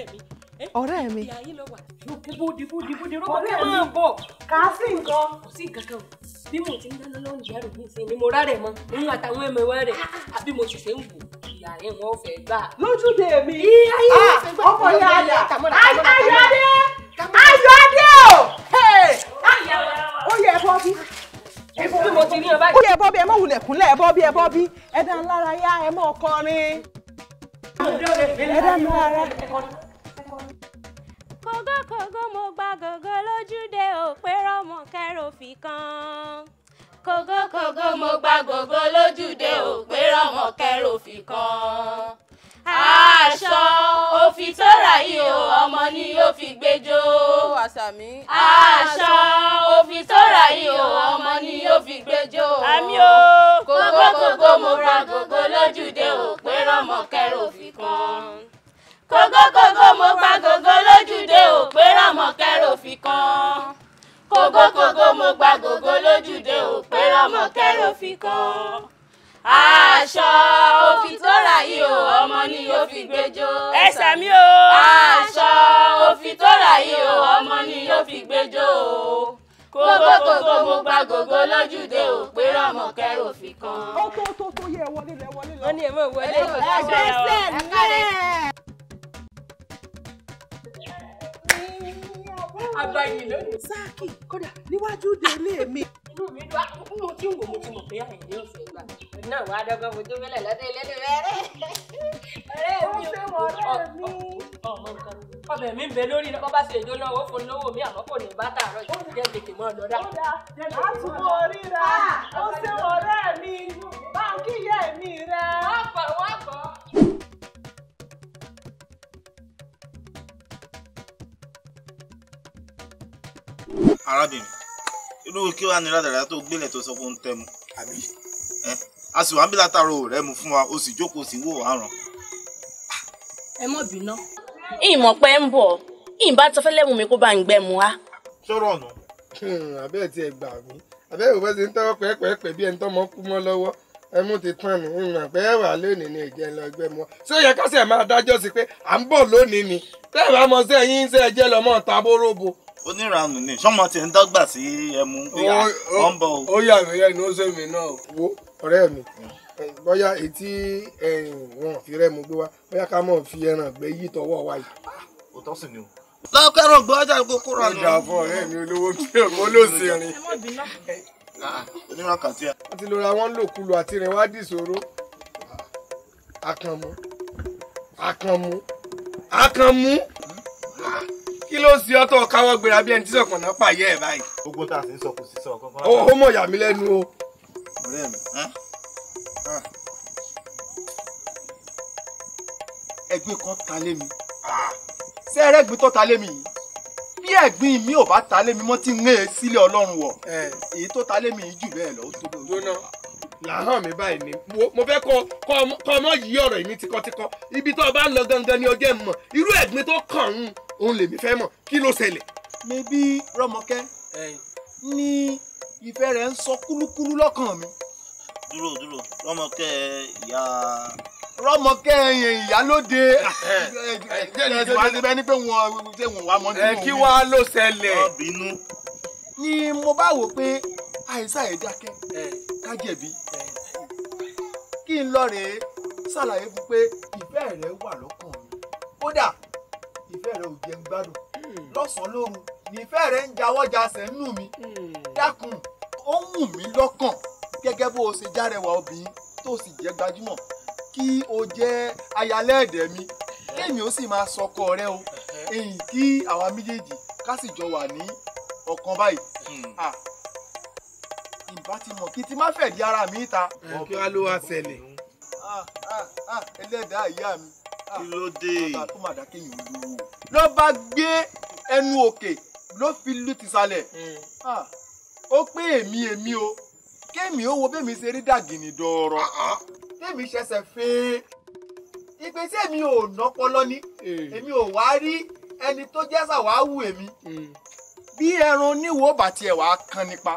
ọ̀rẹ́ mi. ọ̀rẹ́ mi. ọ̀rẹ́ mi kà á sí nǹkan. kò sí nǹkan kan bí mo ti ń dáná lọ́rùn ìyá rẹ̀ nísìnyí ni mo rà rẹ̀ mọ́ òun àtàwọn ẹ̀mẹ̀wẹ̀ rẹ̀ àbí mo sì fẹ́ ń wò ìyá yẹn wọ́n fẹ́ gbà. lójúde mi ọkọ yà á yà o ó yẹ ẹbọ bí ó yẹ ẹbọ ẹ mọ wulẹ̀ kúnlẹ̀ ẹbọ bí ẹbọ ẹ dá ńlára yá ẹ mọ ọkọrin ẹ dá ńlára. kògó mo gba gògó lójúde ò pé rọmọ kẹrò fi kan. aṣọ òfin tó rà yìí o ọmọ ni yóò fi gbẹjọ. aṣọ òfin tó rà yìí o ọmọ ni yóò fi gbẹjọ. àmì o kògó kògó mo ra gògó lójúde ò pé rọmọ kẹrò fi kan. kògó kògó mo pa gògó lójúde ò pé rọmọ kẹrò fi kan kógókógó mo gba gògó lójúde ò pé ọmọ kẹrò fi kan aṣọ òfin tó rà yìí o ọmọ ni yóò fi gbẹjọ. ẹ sàmí o. aṣọ òfin tó rà yìí o ọmọ ni yóò fi gbẹjọ o kókókókó mo gba gògó lójúde ò pé ọmọ kẹrò fi kan. ó tó tó tó yẹ wọlé lẹ wọlé lọ. ó ní èmo ìwọlé. ẹ gbẹ́sẹ̀ lé. gba ìyìn lónìí. sáàkì kódà níwájú délé mi. inú mi dùn àkókò ah, mo ti ń wò mo ti mọ̀ pé àyìn yóò fẹ́ gbà. náà wàá dọ́gbọ́n fojú mílẹ̀ lọ́dẹ ìlédè rẹ̀. ọ̀rẹ́ mi ò ọmọ nǹkan ọbẹ̀ mi ń bẹ lórí lọ́kọ́ bá ṣe èdè lọ́wọ́ fún lówó mi àmọ́ kò ní bá tààrọ̀ yìí jẹ́ tètè mọ́ lọ́dà. ó túbọ̀ ríra ah, ó ṣe ọ̀rẹ́ mi báńkì yẹ́ mi rẹ̀. wọ́n kọ̀ wọ́n kọ̀. arábìnrin irú kí wàá ní rádàrá tó gbélé tó sọ pé ó mu. a sì wá mu fún o sì jókòó sí wò àrùn. ẹ mọ̀ bínú. ìmọ̀ pé ń bọ̀ ìyìnbá tó fẹ́ lẹ́mu kó bá ń gbẹ mu wá. sọ̀rọ̀ ọ̀nà. àbẹ́ẹ̀ hmm, tí ẹ gbà mí àbẹ́ẹ̀ òfẹ́ ti ń tọ́wọ́ pẹ́ẹ́pẹ́ẹ́pẹ́ bí ẹni ti tán ni ìmọ̀ pé ẹ wà lónìí ni ìjẹ́ lọ mu ṣé ni oníranù ni sọmọ ti ń dọ́gba sí ẹmu pé ọ ń bọ̀ o. ó yà mí lẹ́nu ó sèmi náà wo ọ̀rẹ́ mi bóyá etí wọn fi rẹ́mu gbé wa bóyá ká mọ̀ fi ẹran gbé yí tọwọ́ wa yìí. òótọ́ sì ni o. lọ́kẹ́rọ̀ gbọ́ ọjà kókó rà nù. ìjà fún ọ̀rẹ́ mi olówó kí èkó ló sì rìn. wọ́n ah, ti lora wọn lòkulò àti rìn wá dìṣòro. akànmú akànmú akànmú. Hmm? Ah kí ló ṣe ọ́ tó káwọ́ gbéra bí ẹni tí sọ̀kan náà pààyẹ́ ẹ̀ báyìí. gbogbo tá a sì ń sọ kò sí sọ kankan. ó ó mọ̀ yà mí lẹ́nu o. ọ̀rẹ́ mi ẹ̀gbin kan ta lé mi ah. ṣé ẹrẹ́gbin tó ta lé mi yìí bí ẹ̀gbin mi ò bá ta lé mi mọ́ tí ń rán e sílé ọlọ́run wọ̀ eh. èyí tó ta lé mi yìí jù bẹ́ẹ̀ lọ ó tó bẹ́ẹ̀ lọ làhán mi báyìí ni mo fẹ́ kọ ọmọ yìí ọ̀rọ̀ èmi tikọ́tikọ́ ibi tó o bá ń lọ gangan ni o jẹ́ mọ̀ irú ẹ̀gbin tó kàn ń òun lèmi fẹ́ mọ̀ kí ló ṣẹlẹ̀. mi bí rọmọkẹ́ ní ìfẹ́ ń sọ kúlúkúlú lọ́kàn mi. dúró dúró rọmọkẹ́ ìyá. rọmọkẹ́ ìyálóde ẹgbẹ́ ni pé wọ́n wá kí wàá ló ṣẹlẹ̀. ní mo bá wò pé àìsàn ẹ̀dákẹ́ ká jẹ̀bi kí n lọ rèé ṣàlàyé fún pé ìfẹ́ rẹ wà lọ́kàn mi kódà ìfẹ́ rẹ ò jẹun gbádùn hmm. lọ́sàn-án lóru nífẹ́ rẹ ń jawọ́jà sẹ́nu mi hmm. dákun ó ń wù mí lọ́kàn gẹ́gẹ́ bó o ṣe járẹwà obìnrin tó sì jẹ́ gbajúmọ̀ kí o jẹ́ ayálẹ́ẹ̀dẹ̀ mi kémi ó sì máa sọkọ rẹ o èyí kí àwa méjèèjì ká sì jọ wà ní ọ̀kan báyìí. Hmm ìbá ti mọ̀ kí ti má fẹ̀ di ara mi ta. ọ̀kí wa ló wá ṣẹlẹ̀. Ah, ah, ah, ẹlẹ́dàá ìyá mi. kí ló dé. bàbá tó mà dákẹ́ yìí ló. ló bá gbé ẹnu òkè ló fi lu tìsàlẹ̀. Hmm. ó pé èmi èmi o kémi ó wo bẹ́mi ṣe rí dàgìnì dọ̀ọ̀rọ̀. kémi ṣẹ̀ṣẹ̀ fẹ́. ìgbésí èmi ò nọ́pọlọ ni hmm. èmi ò wá rí ẹni tó jẹ́ sàwáwù èmi. Hmm bí ẹran oníwo bá tiẹ̀ wàá kan nípa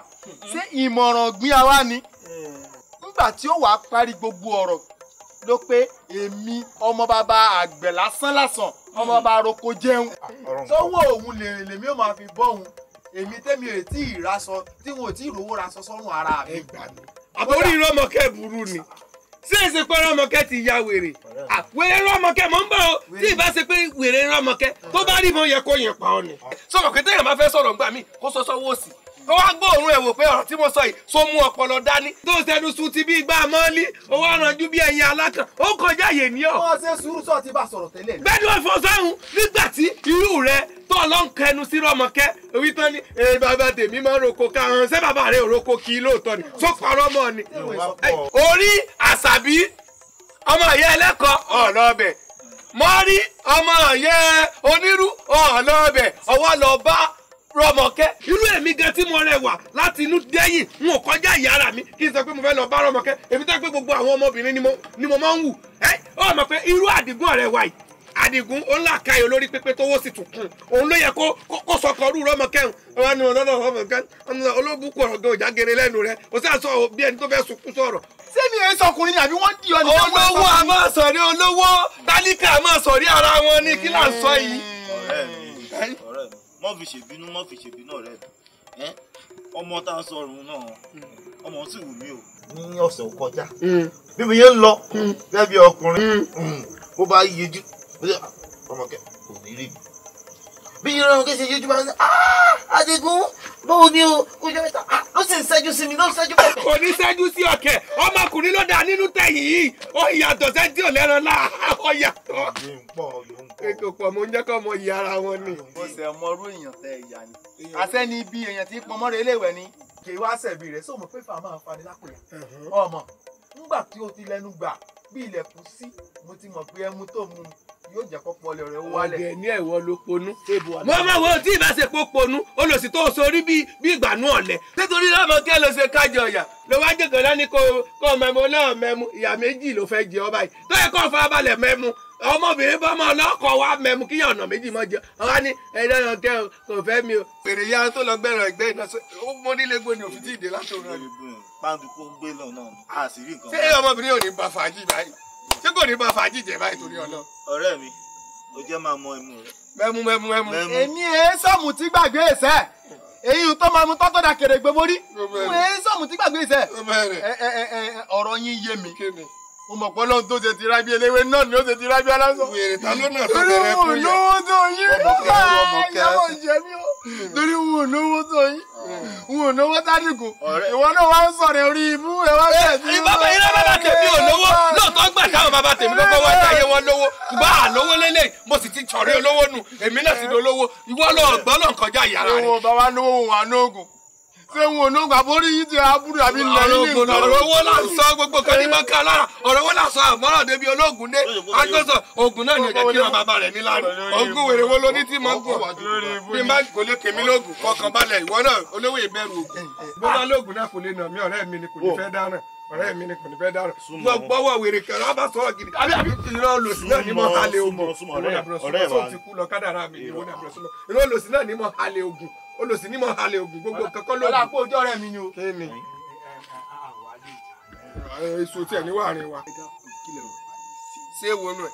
ṣé ìmọ̀ràn ọ̀gbìn àwa ni nígbà tí ó wàá parí gbogbo ọ̀rọ̀ ló pé èmi ọmọ bàbá àgbẹ̀ lásán lásán ọmọ bàbá roko jẹun sọ́wọ́ òun lèmi ó máa fi bọ́ òun èmi tẹ́mi ò tí ì raṣọ tí wọn ò tí ì rówó raṣọ sọ́run ara mi. àbórí irọ́ mọ̀kẹ́ burú ni ṣé èsì pé rọmọkẹ́ ti ya wèrè àwèrè ah, rọmọkẹ́ mọ̀ ń bọ̀ o tí ì bá ṣe pé wèrè rọmọkẹ́ tó bá rí mo yẹ kó yẹn pa ọ ni. Ah. sọ̀rọ̀ kí téèyàn bá fẹ́ sọ̀rọ̀ ńgbà mí kó sọ sọ́wọ́ ó wá gbóòórùn ẹ̀ wò pé ọ̀rọ̀ tí mo sọ yìí so mú ọpọlọ dání tó sẹnu sun ti bí igbá mọ́lí ó wá ju bí ẹyin alákàn ó kọjá yè ní ọ. wọ́n ṣe sùúrù sọ ti bá sọ̀rọ̀ tẹ́lẹ̀. gbẹ́dùn ìfọ̀sọ́hún nígbà tí irú rẹ tó ọlọ́run kẹnu sí rọmọkẹ́ wí tán ni ee bàbá tèmi máa ń roko ká hàn ṣé bàbá rẹ ò roko kí lóòótọ́ ni tó parọ́ mọ́ ni. orí àṣàbí ọmọ ìyá ẹlẹ́kọ̀ọ́ ọ̀lọ́ọ̀bẹ̀ mọ́rí ọmọ ìyá onírú ọ̀lọ́ọ̀bẹ̀ ọwọ́ lọ bá rọmọkẹ́ inú èmi gan tí mo rẹwà láti inú dẹ́yìn n ò kọjá ìyá ara mi kí n sọ pé mo fẹ́ lọ bá rọmọkẹ́ èmi tó pé gbogbo àwọn ọmọbìnrin ni mo máa ń wù ẹ ọ mọ̀ pé irú àdìgún ọ̀rẹ́ wa yìí àdìgún ó ń là ká yọ lórí pépé tówó sì tún kún òun ló yẹ kó kó sọkọ rú rọmọkẹ́ òun wọn ni wọn lọ́dọ̀ rọmọkẹ́ olóògùn kò ọ̀rọ̀ gan ọjà gèrè lẹ́nu rẹ kò sí àṣọ bí ẹni tó fẹ́ sunkún sọ̀rọ̀. sẹ́mi ẹ̀ sọkùnrin àbí wọ́n di ọ̀nà. olówó a máa sọ̀rí olówó tálíkà a máa sọ̀rí ara wọn ní kí là ń sọ yìí. ọ̀rẹ́ mi ọ̀rẹ́ mi má fi ṣèbínú má fi ṣèbínú ọ̀rẹ́ mi ọmọ tá a sọrùn náà ọmọ sì wù mí o. ní ọ̀sẹ̀ kọjá hmm. bí mi yé ń lọ hmm. gẹ́gẹ́ bí ọkùnrin hmm. bó bá yẹjú ọmọ kẹ kò ní rí mi bí ìrọ̀rùn kí n ṣe yíjú máa ń sọ Adigun báwo ni o kò jẹ́ mẹ́ta ah, ló sì ń ṣẹ́jú sí mi ló ń ṣẹ́jú pẹ̀lú. kò ní ṣẹ́jú sí ọ̀kẹ́ ọmọkùnrin ló dà nínú tẹ̀yìn yìí ó yàtọ̀ sẹ́ńtì ò lẹ́ran ó yàtọ̀. ètò pọ̀ mo ń jẹ́ kọ́ ọmọ yìí ara wọn ni. mo ṣe ọmọ orú èèyàn tẹ ìyá ni àṣẹ́ni bí èèyàn ti pọnmọ́ rẹ iléèwẹ̀ ni kì í wá ṣẹ̀bi rẹ̀ sóò pé fàá bí ilẹ̀kùn sí mo ti mọ̀ pé ẹmu tó mu yóò jẹ́ kó pọlẹ̀ rẹ̀ wálẹ̀. ọ̀gẹ̀ ní ẹ̀wọ̀ ló ponú. mo máa wo tí ìbá ṣe pó ponú olùsí tó sórí bí ìgbànú ọ̀lẹ̀. nítorí lọ́mọ kí ẹ lọ ṣe kájọ ọ̀yà ló wá jẹ̀gàn lánìí kó mẹ́mu náà mẹ́mu ìyá méjì ló fẹ́ jẹ ọ báyìí tó yẹ kó farabalẹ̀ mẹ́mu ọmọbìnrin bá máa lọ́kọ̀ wá mẹ́mu kíyàn ọ̀nà méjì máa jẹ ọ̀rá ní ẹ̀dá náà tẹ kò fẹ́ mi o. fèrè ya tó lọ gbẹ̀rọ ẹgbẹ́ iná ó mọ nílé gbóni òfin tí ìdè látòrò rẹ. pàǹdù kó ń gbé lọ náà a sì rí nǹkan. ṣé ọmọbìnrin ò ní ba fàájì báyìí ṣé kò ní ba fàájì jẹ báyìí torí ọ̀nà. ọ̀rẹ́ mi o jẹ́ máa mọ ẹmu rẹ. mẹ́mu mẹ́mu mẹ́mu. èmi èé sọ̀mù tí gbàgbé ìṣẹ́ èyí tó máa mu tọ́tọ́ da kèrè gbogbo rí. mo èé sọ̀mù tí gbàgbé ìṣẹ́. ọ̀rọ̀ yín yé mi mo mọ̀ pọ́ lóhun tó ṣe ti rábí eléwé náà ni ó ṣe ti rábí aláṣọ. wèrè ta ló náà tó bẹ̀rẹ̀ fún yà. lówó tó yín yàwó jẹ mí o torí wọn ò lówó tó yín wọn ò lówó tádìkù ìwọ náà wá ń sọ̀rọ̀ orí ibú ẹ wá eh, bẹ̀rẹ̀ sí. ìbábà iná bàbá tèmi ò lówó lóòótọ́ gbà táwọn bàbá tèmi lọ́kọ́ wá táyé wọn lówó bá a lówó lélẹ̀ mo sì ti tọ̀rẹ́ olówó nù èmi náà sì dolówó ìwọ lọ gbọ́ lọ́nkọjá yàrá rẹ̀. owó bàbá lówó wà lóògùn ṣé wọn ò ní ọgbà borí yìí ti aburú àbí ilẹ̀ ní nǹkan. ọ̀rọ̀ owó là sọ gbogbo kan ní mọ́ká lára ọ̀rọ̀ owó là sọ àmọ́ràn débi olóògùn dé agbésọ oògùn náà ní ẹ̀jẹ̀ kí wọn bàbá rẹ̀ ní lára oògùn wèrè wo ló tí máa ń gbọ̀ bí má kò lè kèmí lóògùn kọkàn balẹ̀ ìwọ náà olówó ìbẹ̀rù oògùn. bó bá lóògùn náà kò lè nà mí ọ̀rẹ́ mi ni kò ní mi ni kò ní fẹ́ dára lọ wèrè kẹrọ bá sọ̀rọ̀ gidi àbí àbí ìran olùsí náà ní mọ̀ halẹ̀ ogun ìwọ́n àbúrò súnmọ́ sóun ti kú lọ kádàrá mi ìwọ́n àbúrò súnmọ́ ìran olùsí náà ní mọ̀ halẹ̀ ogun olùsìn ní mọ halẹ ogun gbogbo kankan lóògùn. ọlá kó ojú ọ̀rẹ́ mi ni o. kí ni èso tí ẹ ní wàárín wa. ṣé wo nù ẹ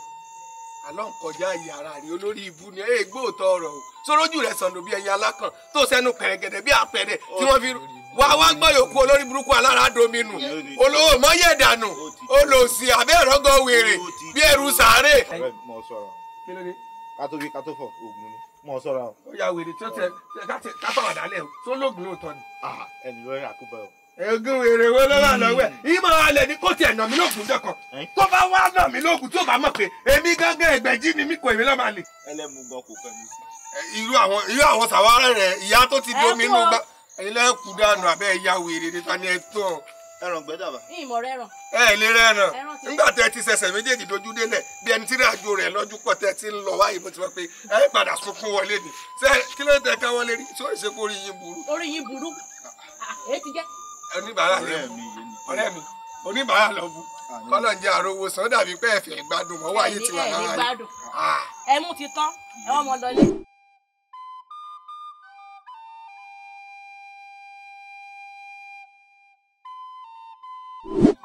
àlọ́ nkọjá yàrá rẹ olórí ibú ni ẹ gbọ́ òótọ́ ọ̀rọ̀ o sórójú rẹ sọ̀nù bí ẹyin alákàn tó sẹ́nu pẹ̀rẹ̀gẹ̀dẹ̀ bí apẹ̀rẹ̀ tí wọ́n fi wá wá gbọ́ yòókù olórí burúkú alára domi nù olówó mọ́yẹ̀ dànù olòsì abẹ́rọ́gọ́ wèrè bí ẹrù sàárè. kí ló dé. ká tó fi ká tó fọ oògùn ni mọ sọra o. ó yà wèrè tó tẹ kápáwà dálẹ o tó lóògùn lóòótọ́ ni. Ah, ẹnì lórí àkúbẹ o. egun wèrè wo ló wà lọ́wọ́ ẹ̀ hmm. ìmọ̀ alẹ̀ ni kò tiẹ̀ nà mí lóògùn dẹ́kọ̀ tó bá wá nà mí lóògùn tó bá mọ̀ pé èmi gángan ẹgbẹ̀jì ni mí kò èmi lọ́mọ àlè. ẹlẹ́mu gan kò fẹ́ mi sí. irú àwọn irú àwọn sàwárẹ̀ rẹ̀ ìyá tó ti domi inú gbá ẹ̀yin àbẹ́ ẹ̀yà wèrè nípa ni ẹ̀ tọ́ ẹran gbẹ dàbà. ìmọ̀ rẹ ràn. ẹ lè rẹ ràn nígbà tẹ ti ṣẹ̀ṣẹ̀ méjèèjì dojú délẹ̀ bí ẹni tí rí àjò rẹ̀ lọ́jú pọ̀ tẹ ti ń lọ wáyé mo ti wọ́n pé ẹ padà sunkún wọlé ni ṣé kí ló tẹ káwọn lè rí tí ó ṣe kó rí yín burú. orí yín burú èyí ti jẹ́. oníbàárà rẹ ọ̀rẹ́ mi oníbàárà lọ bu kọ́lọ̀ ń jẹ́ àròwò sàn dàbí pé ẹ̀fẹ̀ ìgbádùn mọ́ wáyé ti wà ah. ẹ mú ti tán ẹ wọ́n mọ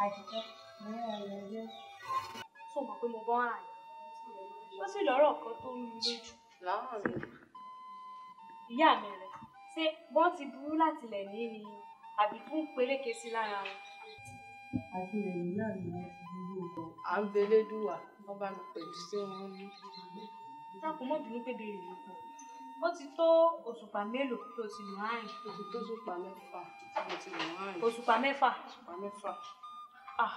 àjíjẹ́ àwọn ọ̀rọ̀ yẹn. Sọ mọ̀ pé mo bọ́ ara yẹn. Ó sì lọ́rọ̀ kan tó ń lu lójú. Lọ́rọ̀ mi. Ìyá mi rẹ̀ ṣé wọ́n ti burú láti lẹ̀ ní ni àbí fún peléke sí lára wọn. Àti ẹ̀yìn náà ni wọ́n ti burú gan. À ń belé dùwà, wọ́n bá mi pẹ̀lú sí wọn ní. Dákun mọ́ bínú pé bèrè mi Ó ti tó òṣùpá mélòó tó ti lù áyìn. òṣùpá mẹ́fà tó ti lù áyìn. Òṣùpá mẹ́fà. Òṣùpá mẹ́fà. Ah,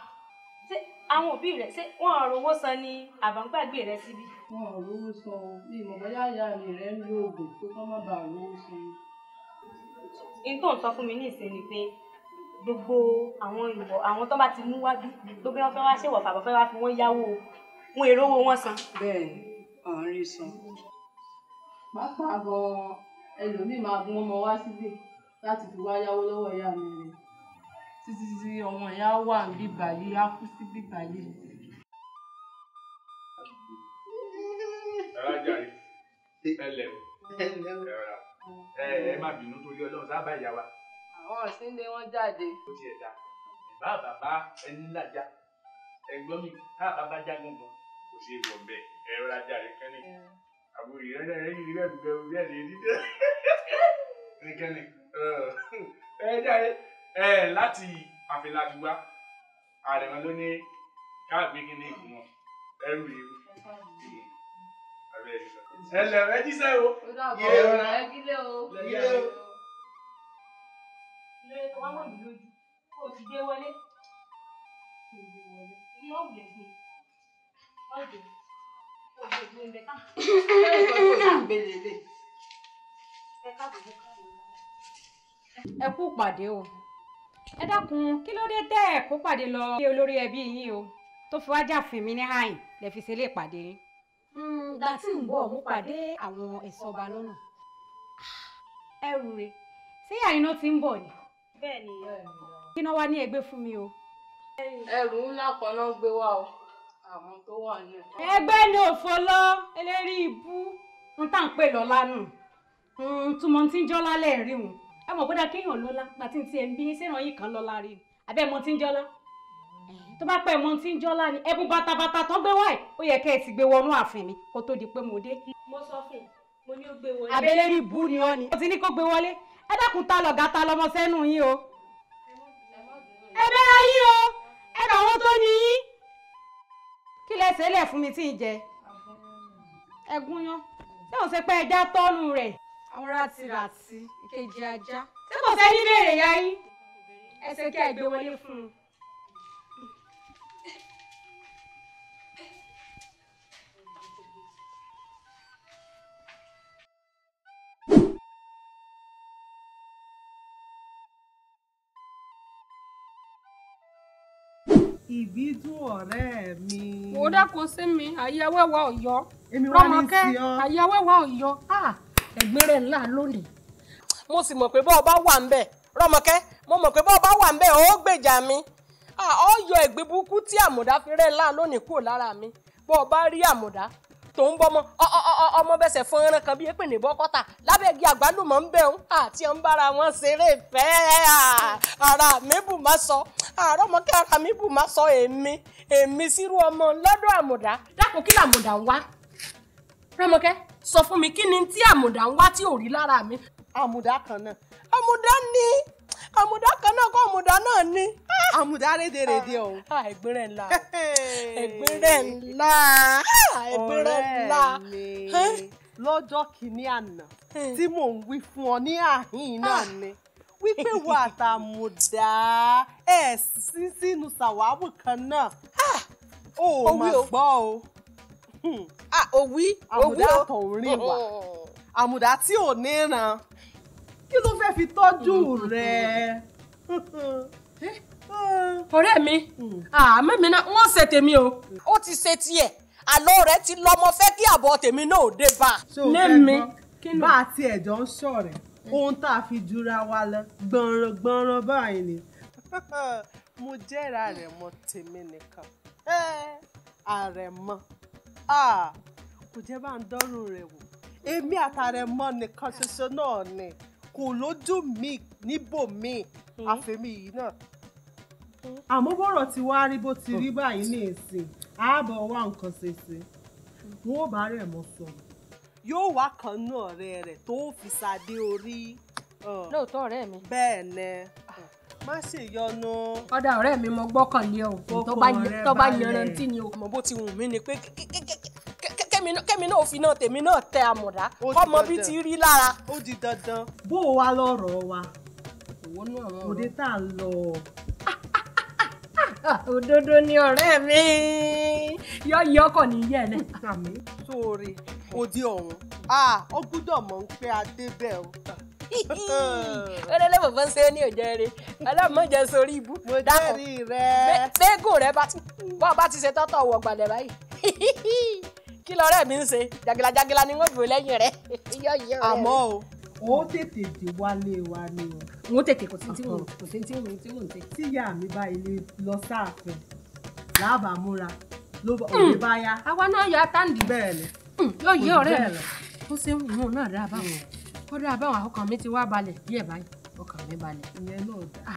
ṣé àwọn òbí rẹ ṣé wọn ò rówó san ni àbámgbàgbé rẹ síbi. wọn ò rówó san bí ìmọ̀báyá mi rẹ ń lo oògùn pé kó má bàa rówó san. n sọ fún mi ní ìsìn ni pé gbogbo àwọn ìwọ àwọn tó bá ti mú wá bí gbogbo wọn fẹ́ wá ṣèwọ fàbọ fẹ́ wá fi wọn yáwó wọn èrò wọn san. bẹ́ẹ̀ ọ̀rìn san pàápàá gan ẹlòmíín máa gún ọmọ wá síbẹ̀ láti fi wá yáwó lọ́wọ́ ìyá mi rẹ̀ títí tí ọmọ ìyá wà ń bíbà yìí á kú sí bíbà yìí. ẹ ẹ má bínú torí Ọlọ́run sábà ìyá wa. àwọn ọ̀sìn lé wọn jáde. ó tiẹ̀ dá bá bàbá ẹni lájà ẹgbọ́n mi tá bàbá já gbọ̀ngàn kò sí ìwọ̀n bẹ́ẹ̀ ẹ rọra jàre kẹ́ni àbúrò ìrẹ́lẹ̀ rẹ̀ yìí rẹ̀ gbẹ̀rù rẹ̀ lè rí dẹ́ kẹ́ni ẹ jàre ẹ láti àfẹlàdùgbà àrẹ̀mọ ló ní káàgbé kí ní ìgbìmọ̀ ẹrù ìrù ẹ lẹ ẹ jíṣẹ́ o yé o ẹ kílẹ o yé o. ilé o ti ah. ẹ kú pàdé o ẹ dákun kí ló dé tẹ́ ẹ̀ kó pàdé lọ ilé olórí ẹbí yín o tó fi wá jàfin mi ní hàn lè fi ṣeré ìpàdé yín. Hmm, ìgbà ń bọ̀ mo pàdé àwọn ẹ̀ṣọ́ ọba lọ́nà ah, ẹrù rẹ̀ ṣé àyínà ti ń bọ̀ ni. bẹ́ẹ̀ ni kí náà wá ní ẹgbẹ́ fún mi o. ẹrù ńlá kan náà gbé wá o àwọn tó wà ní. ẹgbẹ́ ni òfo lọ eléri ibú ń tà ń pè lọ́lá nù ń túmọ̀ ń tí ń jọ́ lálẹ́ rí wọn ẹ mọ̀ bọ́dà kéèyàn lọ́lá àti ti ẹ̀ ń bí sẹ́ràn yìí kan lọ́lá rí abẹ́ ẹ̀ mọ ti ń jọ́lá tó bá pẹ́ mọ ti ń jọ́lá ni ẹ̀bùn bàtàbàtà tó gbé wáyé ó yẹ kẹ́ ẹ ti gbé wọnú ààfin mi kó tó di pé mo dé. mo sọ fún mo ní ó gbé wọlé. abẹ́lẹ́ rí bú ni ọ ni. mo ti ní kó gbé wọlé ẹ dákun ta lọ̀gá ta lọmọ sẹ́nu yín o. ẹ bẹ́ẹ̀ yín o ẹ ràn wọ́n tó ní yín. kí lẹ ṣe é lẹ̀ fún mi tí ì jẹ. ẹ̀gúnyán ṣé òun ṣe pé ẹja tọ́nu rẹ̀ àwọn rátìrátì ìkejì ajá tí kò fẹ́ ní yá yín ẹsẹ̀ kí àìgbé wọlé fún un. ìbídùn ọ̀rẹ́ mi. mo dákun sí mi àyẹ̀wò ẹ̀wà ọ̀yọ́ rọmọkẹ́ àyẹ̀wò ẹ̀wà ọ̀yọ́. Ah! ẹ̀gbìn rẹ̀ ńlá lónìí. mo sì mọ̀ pé bọ́ọ̀ bá wà ń bẹ̀ rọ́mọkẹ́ mo mọ̀ pé bọ́ọ̀ bá wà ń bẹ̀ ó gbèjà mi ó yọ ẹ̀gbìn burúkú tí àmùdá fi rẹ̀ ńlá lónìí kúrò lára mi bọ́ọ̀ bá rí àmùdá tó ń ọmọ bẹsẹ̀ fọ́nrán kan bí ẹ ní bọ́kọ́tà lábẹ́ àgbálùmọ̀ ń bẹ̀ àti bára wọn ṣeré fẹ́ ara mi bù má sọ àárọ̀ mọ́ kí ara mi bù má sọ èmi èmi sírú ọmọ lọ́dọ̀ àmùdá dákun kí làmùdá ń wá sọ fún mi kí ni tí àmùdá ń wá tí ò rí lára mi. àmùdá kan náà àmùdá ní àmùdá kan náà kó àmùdá náà ní. Ah! àmùdá rédèrèdè ah! o. Ah! ẹgbẹrẹ ńlá ẹgbẹrẹ ńlá ẹgbẹrẹ ńlá lọ́jọ́ kìíní àná tí mò ń wí fún ọ ní àhín náà ni wípé wo àtàmùdá ẹ̀ sí sínú sàwáwù kan náà ó mà gbọ́ o òwí hmm. ah, àmùdá kan ò rìn wá àmùdá tí ò ní ran kí ló fẹ́ fi tọ́jú rẹ̀. Eh? ọ̀rẹ́ mi hmm. àmọ́ mi náà wọ́n ṣe tèmi o. Hmm. ó ti ṣe tiẹ̀ àlọ́ rẹ̀ ti lọ́mọ fẹ́ kí àbọ̀ tèmi náà ò dé bá. ní mi bá a ti ẹ̀jọ́ ń ṣọ̀rẹ́ ohun tá a fi jura wa lọ gbọ̀nràn gbọ̀nràn báyìí ni. mo jẹ́ra rẹ̀ mọ tèmi nìkan eh, àrẹ̀mọ kò jẹ́ bá ń dọ́rùn rẹ̀ wò èmi àtàrẹ̀mọ nìkan ṣoṣo náà ni kò lójú mi níbòmíì hmm. àfẹ́mi yìí náà hmm. àmọ́ bọ́rọ̀ ti wá rí bó ti rí hmm. báyìí ní ìsìn ààbọ̀ wá nǹkan ṣe ṣe wọn ò bá rẹ̀ mọ́ sọ̀rọ̀. yóò wá kan náà ọ̀rẹ́ rẹ̀ tó fi ṣàdé orí. lóòótọ́ ọ̀rẹ́ mi. bẹ́ẹ̀ ni má ṣe yọnu. ọ̀dà ọ̀rẹ́ mi mo gbọ́kànlé o tó bá yanrantí ni o. mo bó ti wù mí ni pé kẹ́mi náà fi náà tèmi náà tẹ àmọ̀dá kọ́mọ bí ti rí lára. ó di dandan. bó o wá lọ́rọ̀ wa òde tá a lọ òdodo ni ọ̀rẹ́ mi yọ̀yọ̀ ọkọ̀ ní yẹ̀ lẹ̀. àmì sóore òde ọ̀hún ó gbúdọ̀ mọ̀ ń pẹ́ adébẹ̀ o. erele bàbá ń ṣe ní òjẹ́ rẹ aláàmọ́jẹ sórí ibú dákọ̀ bẹ́ẹ̀gùn rẹ bá ti ṣe tọ́tọ̀ wọ̀ gbàdẹ̀ báyìí. kí lọ́rẹ́ mi ń ṣe jàgìlàjàgìlà ni wọ́n bò lẹ́yìn rẹ̀ àmọ́ o. wọ́n tètè dé wálé wa ni o. wọ́n tètè kò sí tí mò ń tí mò ń tè. tí ìyá mi bá ilé lọ sáàfin lábàámúra ló hmm. òwe bá yá. àwa náà yọ atáǹdì. bẹ́ẹ̀ ni hmm, yóò yí ọ̀rẹ́ rẹ̀ ó ṣe ń mú un náà dáa báwọn hmm. kó dáa báwọn ọkàn mi ti wá balẹ̀ díẹ̀ báyìí ọkàn mi balẹ̀. ìyẹn náà dáa.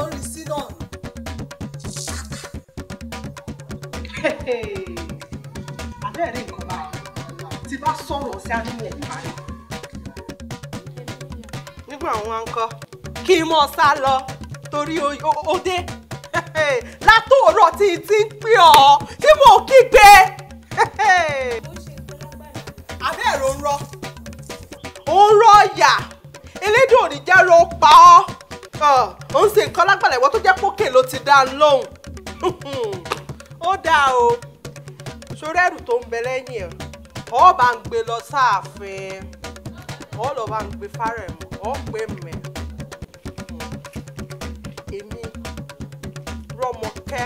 orí sí náà ni. abẹ́rẹ́ nǹkan bá ti bá sọ̀rọ̀ sí àníyàn nípa rẹ̀. nígbà wọn ń kọ́ kí mọ̀ sá lọ torí òde látòórọ̀ tí ti ń pè ọ́ tí mò ń kígbe. abẹ́rẹ́ ń rọ ń rọ ọ̀yà elédè òní jẹ́ ro pa ọ́ ó ń ṣe nǹkan lágbàlẹ̀ ìwọ tó jẹ́ pókè ló ti dá lóhùn ó dáa o sórí ẹrù tó ń bẹ lẹ́yìn ẹ̀ ọ́ bá ń gbé lọ sáàfin ọ́ lọ́ bá ń gbé fárẹ̀ mọ́ ọ́ pé mẹ́ èmi rọmọkẹ́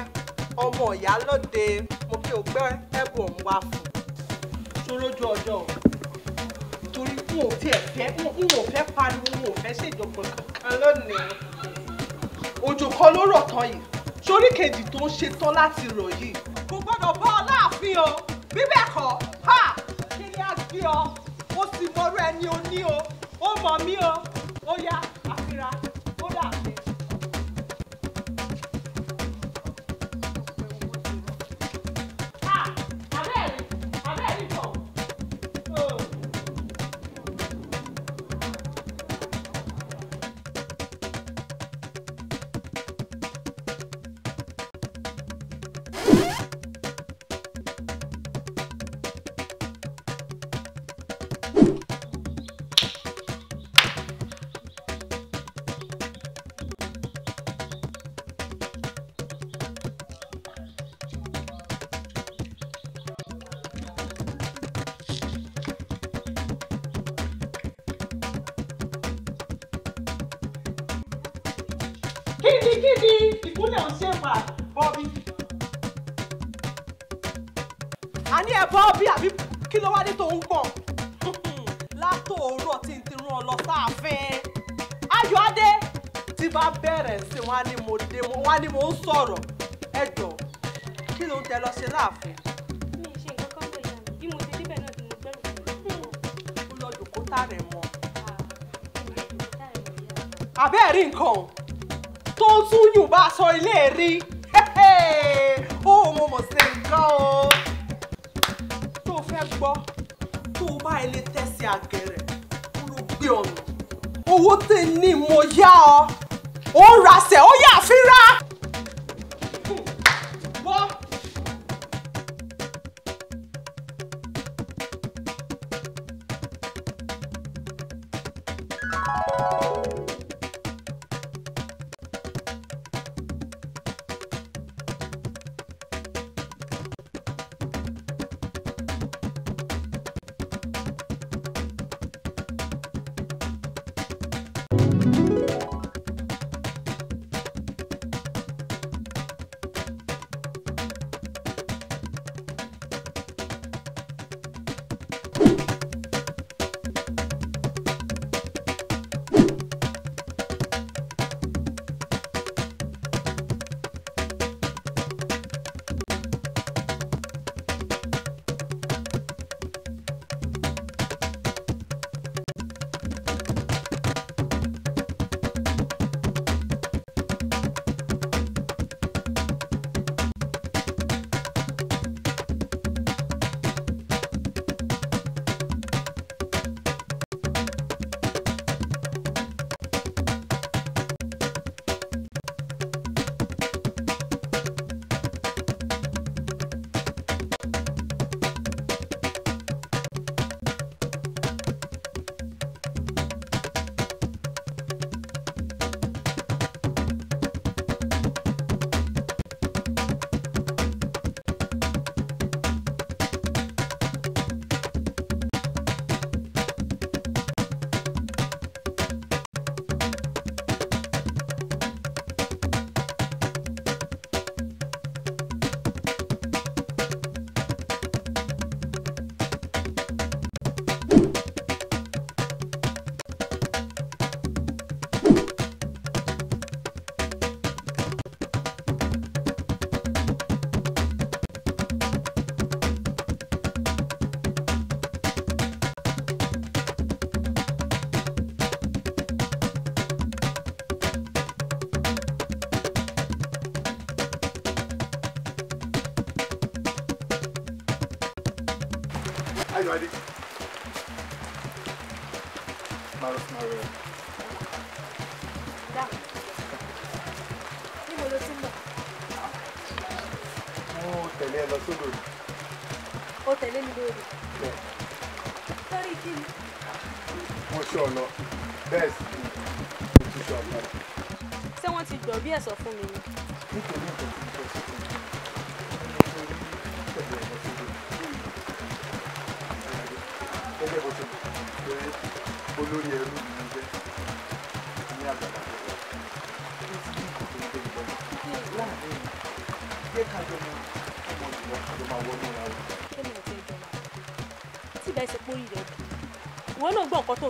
ọmọ ìyálóde mo kí o gbé ẹ̀bùn ọ̀hún wá fún sórójú ọjọ́ torí n ò fẹ́ pariwo n ò fẹ́ ṣèjọpọ̀ kankan lónìí òjò kan ló rọ̀ tán yìí sórí kejì tó ń ṣe tán láti rọ̀ yìí. kò gbọ́dọ̀ bọ́ ọ láàfin o bí bẹ́ẹ̀ kọ́ ha kí ni a gbé ọ ó sì mọrú ẹni o ní o ó mọ̀ mí o ó yá. wá ní mò ń sọ̀rọ̀ ẹ jọ kí ló ń tẹ lọ sí láàfin. mi ì ṣe nǹkan kan bẹ̀rẹ̀ àná bí mo ti débẹ̀ náà ni mo gbẹ́rù fún mi. ó lọ jòkó tá rẹ̀ mọ́. Ah, àbẹ́ẹ̀ rí nǹkan tó tún yùn bá aṣọ ilé rí ó mo mọ̀ sí nǹkan o tó fẹ́ gbọ́ tó bá ilé tẹ̀sí àgẹ̀rẹ̀ kúrò gbé ọ̀nà owó tẹ̀ ní mo yá ọ ó rasẹ̀ ó yà fínra.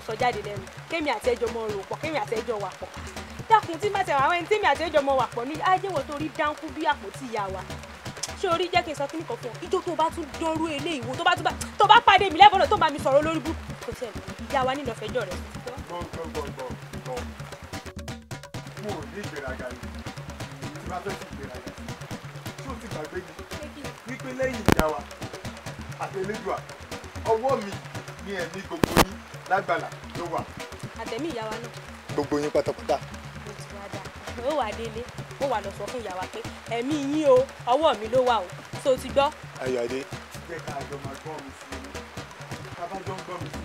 sọ jáde lẹ́nu kémi àti ẹjọ́ mọ rò kémi àti ẹjọ́ wà pọ̀ dákun tí má tẹ̀wá àwọn ẹni tèmi àti ẹjọ́ mọ wà pọ̀ ní ajẹ́wọ̀ tó rí dáńkú bí àpótí ìyá wa ṣé orí jẹ́ kí n sọ kí nìkan ọ ijó tó bá tún dánrú eléyìí wo tó bá tún bá tó bá pàdé mi lẹ́bọ̀nà tó bá mi sọ̀rọ̀ lórí bú kò tẹ̀ ìyá wa nílò fẹjọ́ rẹ̀. ọwọ́ mi ni ẹ̀mí gbogbo yín lágbàlá àtẹ̀mí ìyá wa náà. gbogbo yín pátápátá. mo ti wá dà ó wà délé ó wà lọ sọ fún ìyá wa pé ẹ̀mí yín o ọwọ́ mi ló wà o so ti gbọ́. ayọ̀dé. jẹ́ ká àjọ máa gbọ́ mi sí i bàbá jọ ń gbọ́ mi sí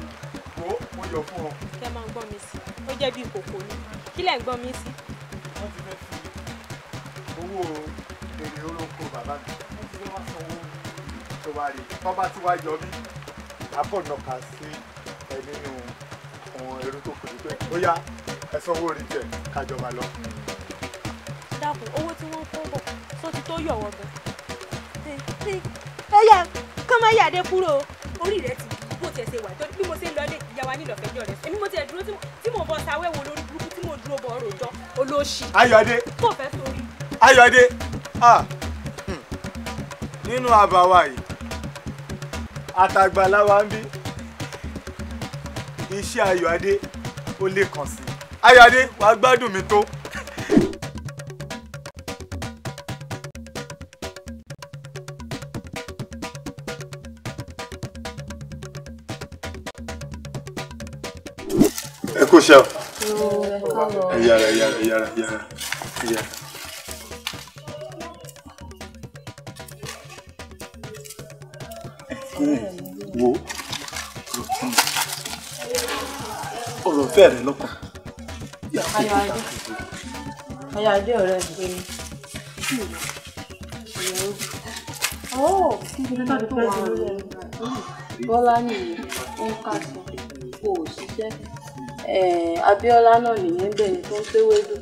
i wo mo yọ fún ọ. kẹ́ máa ń gbọ́ mi sí i ó jẹ́ bíi kòkó ni kí lẹ̀ ń gbọ́ mi sí. wọ́n owó èrè olóko bàbá mi wọ́n ti wá sanwó tó wá rí i tọ́ bá ti wá mí àbọ̀nà sí ẹni ní ó yá ẹ sanwó orí tẹ kájọba lọ. dákun owó tí wọ́n kó bọ̀ tó ti tó yọ̀wọ̀ gan. ẹ yà kán má yàdé kúrò orí rẹ ti bó tiẹ̀ ṣe wà torí bí mo ṣe ń lọ ilé ìyá wa nílò fẹjọ́ rẹ èmi mo tiẹ̀ dúró tí mo bọ sáwẹ́wò lórí burúkú tí mo dúró bọ̀ ọ̀rọ̀ òjọ́ olóṣì. ayọ̀dé kò fẹ́ sórí. ayọ̀dé hmm. nínú àbáwá yìí àtàgbàláwa ń bí iṣẹ́ ayọ̀dé ó lè kàn sí ayọ̀dé wàá gbádùn mi tó. ẹ kú ṣe ọ ẹ yára ẹ yára ẹ yára ẹ yára. olólùfẹ́ rẹ lọ́kàn. ayáde ọ̀rẹ́ mi bọ́lá nìyí ó ń kà sí kò ṣiṣẹ́ abíọ́lá náà nìyẹn bẹ̀ ni tó ń ṣèwédú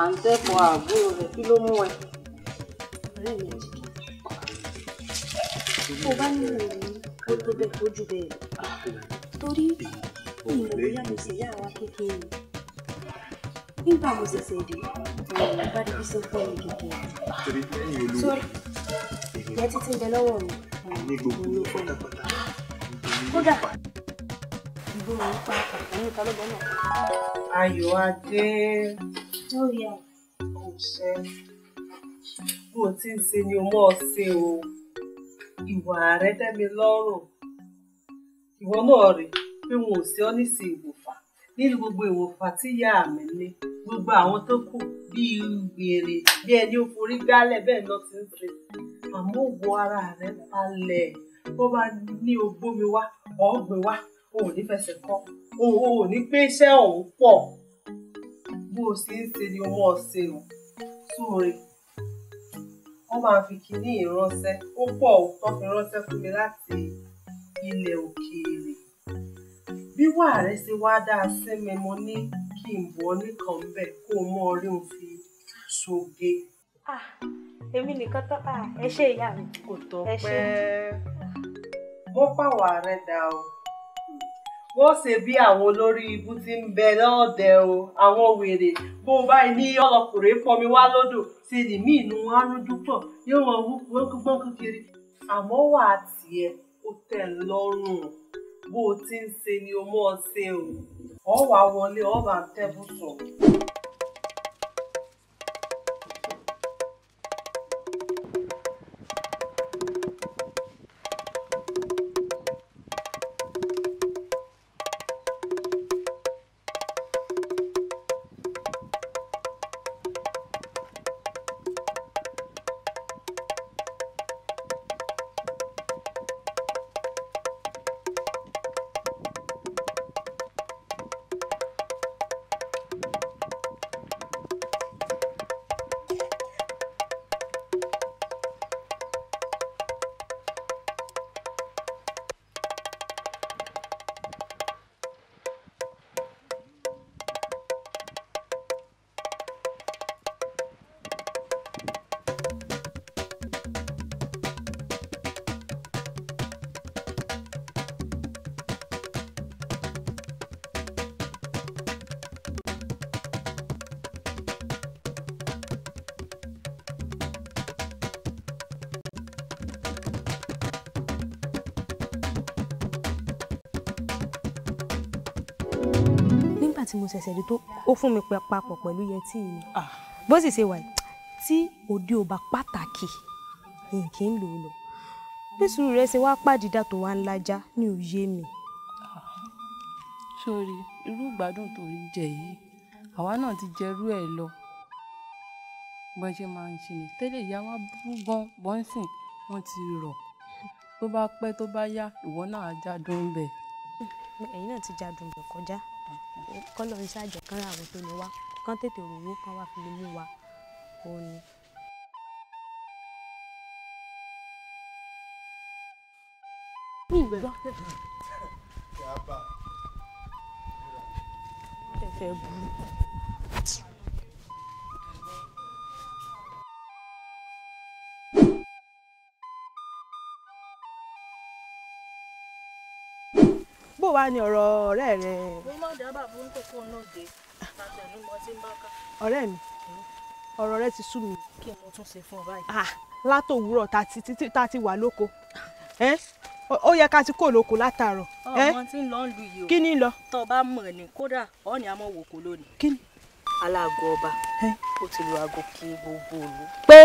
à ń tẹ́kọ̀ọ́ àbúrò rẹ̀ kí ló mú ẹ. tó bá nílò ìlú ó tó bẹ́ẹ̀ tó jù bẹ́ẹ̀ torí mi ò bóyá mo sì yá àwa kékeré nígbà mo ṣẹ̀ṣẹ̀ dé ọ̀rọ̀ mi bá débi ṣe fún mi kékeré. torí ẹ̀yin olówó sórí ìyẹn títí ń bẹ lọ́wọ́ mi ní gbogbo pátápátá. kódà ìgbóhùn pa àkànní ìta lọ́gbọ́n náà. ayọ̀ adé. lórí ẹ̀. kò ti ń ṣe o mọ̀ ọ́ o ìwà rẹ tẹ́ mi lọ́rùn ìwọ náà rèé pé wọn ò sí ọ nísì ìwòfà nínú gbogbo ìwòfà tí ìyá mi ní gbogbo àwọn tó kù bíi wèrè bí ẹni ó forí gbálẹ̀ bẹ́ẹ̀ lọ ti ń ṣe àmọ́ òwò ara rẹ̀ balẹ̀ bó bá ní ogbó mi wá ọ̀ọ́gbìn wá o ò ní fẹsẹ̀ kọ́ o ò ní pé iṣẹ́ òun pọ̀ bó o sì ń ṣe ni ọmọ ọ̀sẹ̀ o súre wọ́n máa fi kinní ìránṣẹ́ ó pọ̀ tó fi ránṣẹ́ fún mi láti ilẹ̀ òkèèrè wíwá rẹ ṣe wá dáa sí mi mo ní kí n bọ̀ nìkan bẹ́ẹ̀ kó o mọ orí òun fi ṣoge. èmi nìkan tán ẹ ṣe ìyá mi. kò tó pẹ́ mo pàwọ̀ ààrẹ dà o wọ́n ṣe bí àwọn olórí ibú ti ń bẹ lọ́ọ̀dẹ o àwọn wèrè bó o báyìí ní ọlọkùnrin pọnmi wá lódò ṣe lè mí inú wọn rújú pọ̀ yóò wọn wú wọn gbọ́n àmọ́ wà á tiẹ̀ ó tẹ̀ lọ́rùn bó o ti ń ṣe ni o mọ̀ ọ́ ṣe o ọ̀ wá wọlé ọ̀ bá tẹ́bù sọ̀rọ̀. mo ṣẹ̀ṣẹ̀ rí tó ó fún mi papọ̀ pẹ̀lú yẹtí mi ah. bó sì ṣe wà tí òde ò bá pàtàkì nǹkì ń lò ó lọ bí sùúrù rẹ ṣe wá pàdídà tó wá ń lajá ní òye mi. sórí irú ìgbádùn tó ń jẹ yìí àwa náà ti jẹrú ẹ lọ bọ́n ṣe máa ń ṣe ni tẹ́lẹ̀ ìyá wa burú gan bọ́ńsìn wọ́n ti rọ̀ tó bá pẹ́ tó bá yá ìwọ náà á jádùn bẹ̀. ẹ̀yin náà ti jádùn bẹ̀ kọjá kọ́lọ̀ ń ṣàjọ kán ra àwọn tó ní wá kán tètè rówó kán wá fi lè mú wa òun ni. mi gbọ́. bó wá ní ọ̀rọ̀ ọ̀rẹ́ rẹ. mo má dábàá fún kókó náà dé àtẹnu mo ti ń bá ká. ọ̀rẹ́ mi ọ̀rọ̀ rẹ ti sú mi. kí ni mo tún ṣe fún ọ báyìí. Ah, látòwúrọ̀ tá a ti wà lóko ó yẹ ká ti kó lóko látàárọ̀. ọmọ tí ń lọ ń lu yìí o kí ni lọ. tó o bá mọ̀ ní kódà ọ̀ọ́nì àmọ́ wò kó lónìí. kí ni. aláàgọ ọba ó ti lu aago kí gbogbo òlu. pé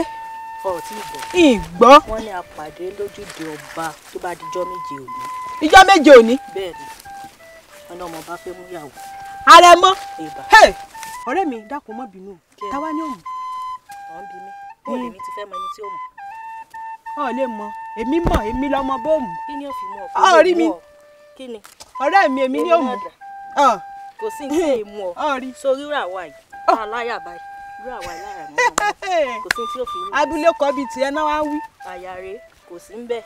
ọ̀ tí gbọ́. ì wọ́n ní àpàdé lójúde ọba tó bá dijọ́ méje òní ìjọ́ méje òní. bẹ́ẹ̀ni ọ̀nà ọmọ bá fẹ́ mú yàwó. ààrẹ mọ́ ọ̀rẹ́ mi dákun mọ́ bínú táwa ní òmù. ọ̀n bí mi bó lèmi ti fẹ́ mọ ẹni tí ó mù. ọ̀ lè mọ èmi mọ èmi lọmọ bóòmù. kí ni ó fi ọ kó lè kí ni. ọ̀rẹ́ mi èmi ní òmù. kò sí ní kí n ọ sórí rà wá yìí aláyà báyìí rà wá lára mọ́ kò sí tí ó fi abúlé kọ́ bíi tiẹ̀ náà wá wí. àyà kò sí ń bẹ̀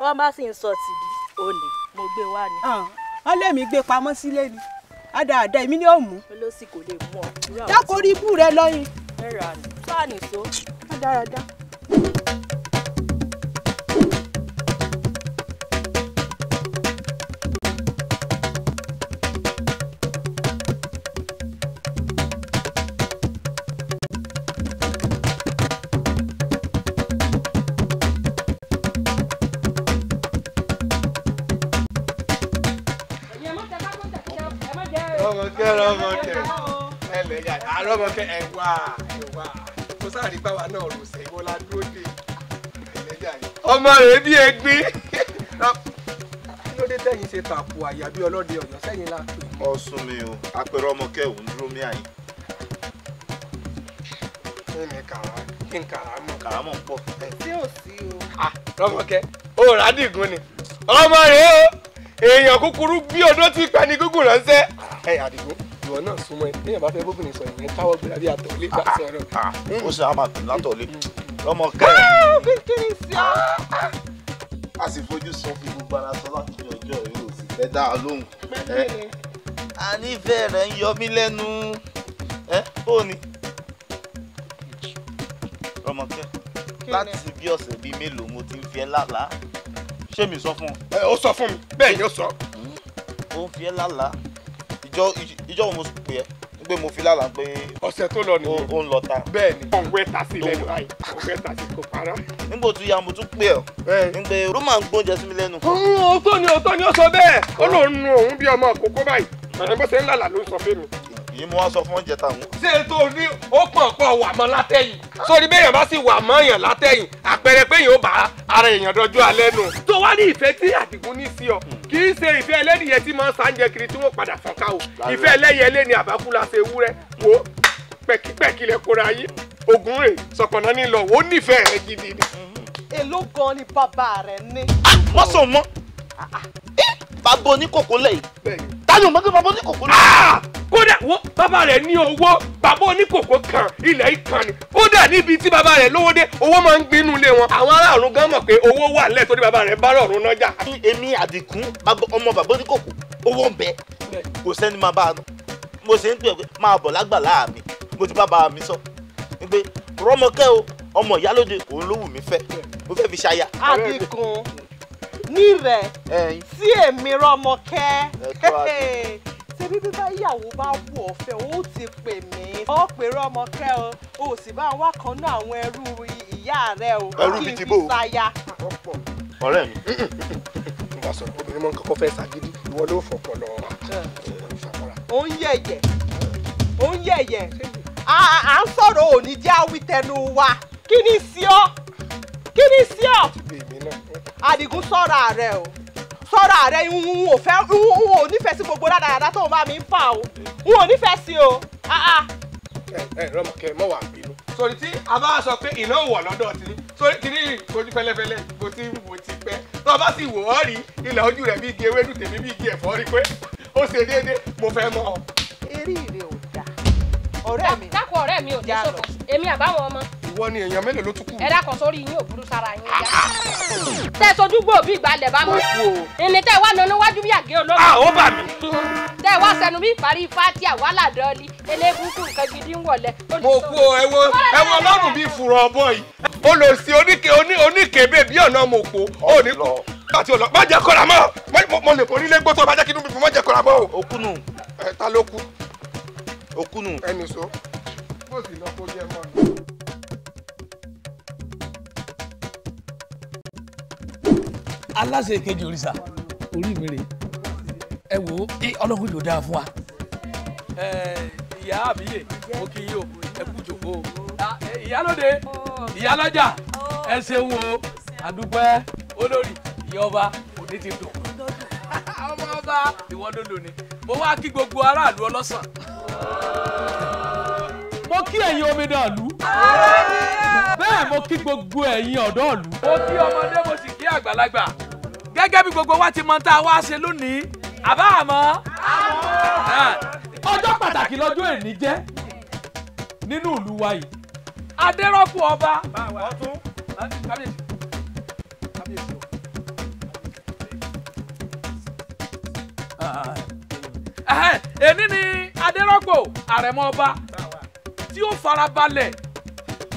wọ́n bá sì ń sọ tìbí ó ní mo gbé wá ni. Ah, wọ́n lé mi gbé pamọ́ sílé ni àdàdà èmi ni ó mú. olóṣì kò lè mú ọ. dákòrí ibú rẹ lọ́yìn. ẹ rà ní. báà nìṣó. ó dára dáa. ọlọ́mọkẹ́ ẹlẹ́yà àrọ́mọkẹ́ ẹ̀wà ẹ̀wà kó sáré báwa náà rò sẹ́ ìwọ la dúró dé ẹlẹ́yà yìí. ọmọ rẹ bí egbin. kí ló dé tẹ́yìn ṣe tàkù àyà bí ọlọ́dẹ ọ̀yọ́ sẹ́yìn la pè. ọ̀sùn mi o apẹ̀rẹ̀ ọmọkẹ́ òun dúró mí àyè. kí ni kàrá kí ni kàrá mọ̀. kàrá mọ̀ ń pọ̀. tí ò sí o. ah rọ́mọkẹ́ o ràdìgún ni ọmọ rẹ o èèyàn kúkúrú bí odó ti pẹ́ ní gúngùn ránṣẹ́ ẹ àdìgbò ìwọ náà súnmọ́ ẹ téèyàn bá fẹ́ bóbìnrin sọ ìyẹn káwọ́ gbéra bí àtọ̀lé bá ah, sọ̀rọ̀. Ah, hmm. ó sì á máa tì látọ̀lé hmm. lọ́mọ kẹrin. kékeré sí ọ. a sì fojú sọ fún gbogbo ara sọ láti fi ọjọ́ ìró sí fẹ́ dá a eh, a nífẹ̀ẹ́ rẹ̀ ń yọ mí lẹ́nu eh, ó ní. rọmọkẹ́ láti bí ọ̀sẹ̀ bíi mélòó mo ti ń fi ẹ́ lálàá ṣé mi sọ fún ọ. Eh, ó sọ fún mi bẹ́ẹ̀ ni ó sọ. ó ń fi ẹ́ lálàá ìjọ ìjọ òun mo pè ẹ́ pé mo fi lálàá pé. ọ̀sẹ̀ tó lọ nìyẹn ó ń lọ ta. bẹ́ẹ̀ni òun wẹ́ ta sí lẹ́nu báyìí òun wẹ́ ta sí kò para. nígbà tó ya mo tún pè ọ́ n pé roma ń gbóúnjẹ sí mi lẹ́nu. òótọ́ ni òótọ́ ni ó sọ bẹ́ẹ̀ ó lóun nu òun bí ọmọ àkókò báyìí àdébọ́sẹ̀ ńlá là ló ń sọ fún mi èyí mo wá sọ fún oúnjẹ táwọn. ṣé tó ní ó pọ̀ pọ̀ wà mọ́ látẹ̀yìn sórí béèyàn bá sì wà mọ́ èèyàn látẹ̀yìn àpẹẹrẹ pé èèyàn ó bá ara èèyàn dọjú alẹ́ nù. tó wá ní ìfẹ́ tí àdìgún ní sí ọ kì í ṣe ìfẹ́ ẹlẹ́nìyẹ tí máa ń sáńjẹ kiri tí wọ́n padà fọ́nká o ìfẹ́ ẹlẹ́yẹ lé ní àbákúlá ṣe wúrẹ́ wo pẹ̀kípẹ̀kí lẹ kóra yín ogun rè sọ̀pọ̀nà nílọ ó nífẹ̀ẹ́ rẹ gidi ni. èló gan ni bàbá rẹ ní. wọ́n ah, sọ mọ́ bàbá oníkòkó lẹ́yìn tani òmọdé bàbá oníkòkó lẹ́yìn. Ah! kódà wo bàbá rẹ̀ ní owó bàbá oníkòkó kan ilẹ̀ ìkan ni kódà níbi tí bàbá rẹ̀ lówó dé owó máa ń gbinú lé wọn àwọn aráàlú gan mọ̀ pé owó wà lẹ́ẹ̀ tó ní bàbá rẹ̀ bá rọ̀rùn nájà. èmi àdìkún ọmọ bàbá oníkòkó owó ń bẹ kò sẹ́ni máa bá a nù mo ṣe ń pè pé máa bọ̀ lágbàlá mi mo ti bá bàbá mi sọ pé rọ́mọkẹ́ o ọmọ ìyálóde òun ló wù mí fẹ́ mo fẹ́ fi ṣaya ní rẹ̀ sí èmi rọ́mọkẹ́ ṣebí bí báyàwó bá wù ọ́ fẹ́ ó ti pè mí ọ pè rọ́mọkẹ́ o ò sì bá wá kan náà àwọn ẹrú ìyá rẹ o kí n fi ṣaya. ọ̀rẹ́ mi ìwà sọ̀rọ̀ obìnrin mọ́ ń kọ́kọ́ fẹ́ ṣàgídí ìwọ ló fọ̀pọ̀ lọ. ó ń yẹ̀yẹ̀ ó ń yẹ̀yẹ̀ à ń sọ̀rọ̀ òní jẹ́ àwítẹnu wa kí ni sí ọ́ kí ni sí ọ́ àdìgún sọ̀rọ̀ rẹ o sọ̀rọ̀ rẹ n ò fẹ́ n ò nífẹ̀ẹ́ sí gbogbo dáadáa tó o máa mi ń fà o n ò nífẹ̀ẹ́ sí o. Ah, ah. ẹ ẹ rọmọkẹ mọ wà bínú. sori tí a bá sọ pé iná wọ̀ lọ́dọ̀ tí sori tí ní ojú pẹlẹpẹlẹ bó ti wò ti pẹ́ tó o bá sì wò ọ́ rí ilẹ̀ ojú rẹ̀ bí igi ewédú tèmi bí igi ẹ̀fọ́ rí pé ó ṣe déédéé mo fẹ́ mọ́ ọ. eré ìrè ò dáa ọ̀rẹ́ mi ò dáa lọ èmi àbáwọn ọmọ ìwọ ni èèyàn mélòó ló tún kù. ẹ dákọ̀ sórí yín ò burú yín yá. tẹ sojúgbò bí ìgbàlẹ̀ bá mú. ìní tẹ wá nínú wájú bí àgé olómi. a ó bà mí. tẹ wá sẹnu bí ìparí fati àwàlà dọ́ọ̀lì elébùkù nǹkan gidi ń wọlé. mo kú o ẹ wo ẹ wo ọlọ́run bíi fùrọ̀ ọ̀bọ yìí. olòsì oníke oníke bèbí ọ̀nà mo lè borí légbó tó bá jẹ ló kú. òkúnù. ẹnì so. bó sì lọ kó jẹ mọ́ aláṣẹ ìkejì òrìṣà orí mi rè ẹ wò ó ọlọ́run yóò dáa fún wa. ìyá àbíyè mo kí yín o ẹ kú jòkó o ah, ìyálóde ìyálọ́jà ẹ ṣeun o àdúpẹ́ olórí ìyọba òde ti dùn ọmọ ọba ìwọ dodo ni mo wá kí gbogbo aráàlú ọlọ́sàn. mo kí ẹ̀yin omidan ìlú bẹ́ẹ̀ mo kí gbogbo ẹ̀yin ọ̀dọ́ ìlú. mo kí ọmọdé mo sì kí àgbàlagbà gẹ́gẹ́ bí gbogbo wa ti mọ tá a wá ṣe lónìí àbá àmọ́. ọjọ́ pàtàkì lọ́jọ́ èní jẹ́ nínú ìlú wa yìí. adérọ́pò ọba. ọtún kábíyèsí. kábíyèsí o. èmi ni adérọ́pò àrẹ̀mọ ọba tí ó farabalẹ̀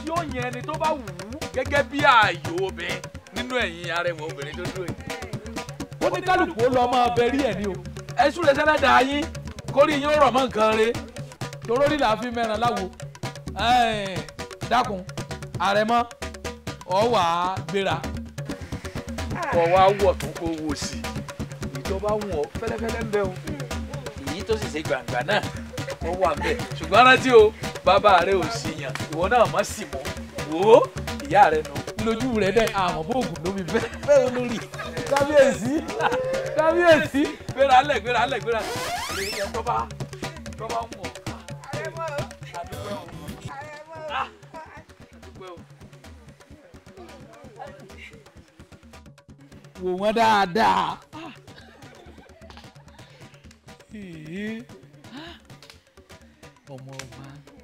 tí ó yan ẹni tó bá wù ú gẹ́gẹ́ bí ààyò obìnrin nínú ẹ̀yìn arẹwà obìnrin tó dúró yìí. ó ní kálukú ó lọ máa bẹ rí ẹ̀ ní o. ẹ súre sẹ́lẹ̀dà yín kórè yín ó rọ̀ mọ́ nǹkan re toró ní làá fi láwo dákun àrẹ̀mọ ọ wà á gbéra. kọ wá wọ̀ tó kó wò sí ìjọba wọ̀ fẹ́lẹ́fẹ́lẹ́ ń bẹ o èyí tó sì ṣe gbàǹgbà náà ó wà ń ṣùgbọ́n rántí o bàbá rẹ ò sí èèyàn ìwọ náà mọ̀ sí mọ́ wò ó ìyá rẹ nù lójú rẹ dẹ àwọn bóògùn ló fi bẹ́ẹ̀ bẹ́ẹ̀ olórí kábíyèsí kábíyèsí gbéra lẹ̀ gbéra lẹ̀ gbéra èèyàn tó bá tó bá ń wọ̀ àdúgbò ẹ̀ wò wọ́n dáadáa ọmọ ọba.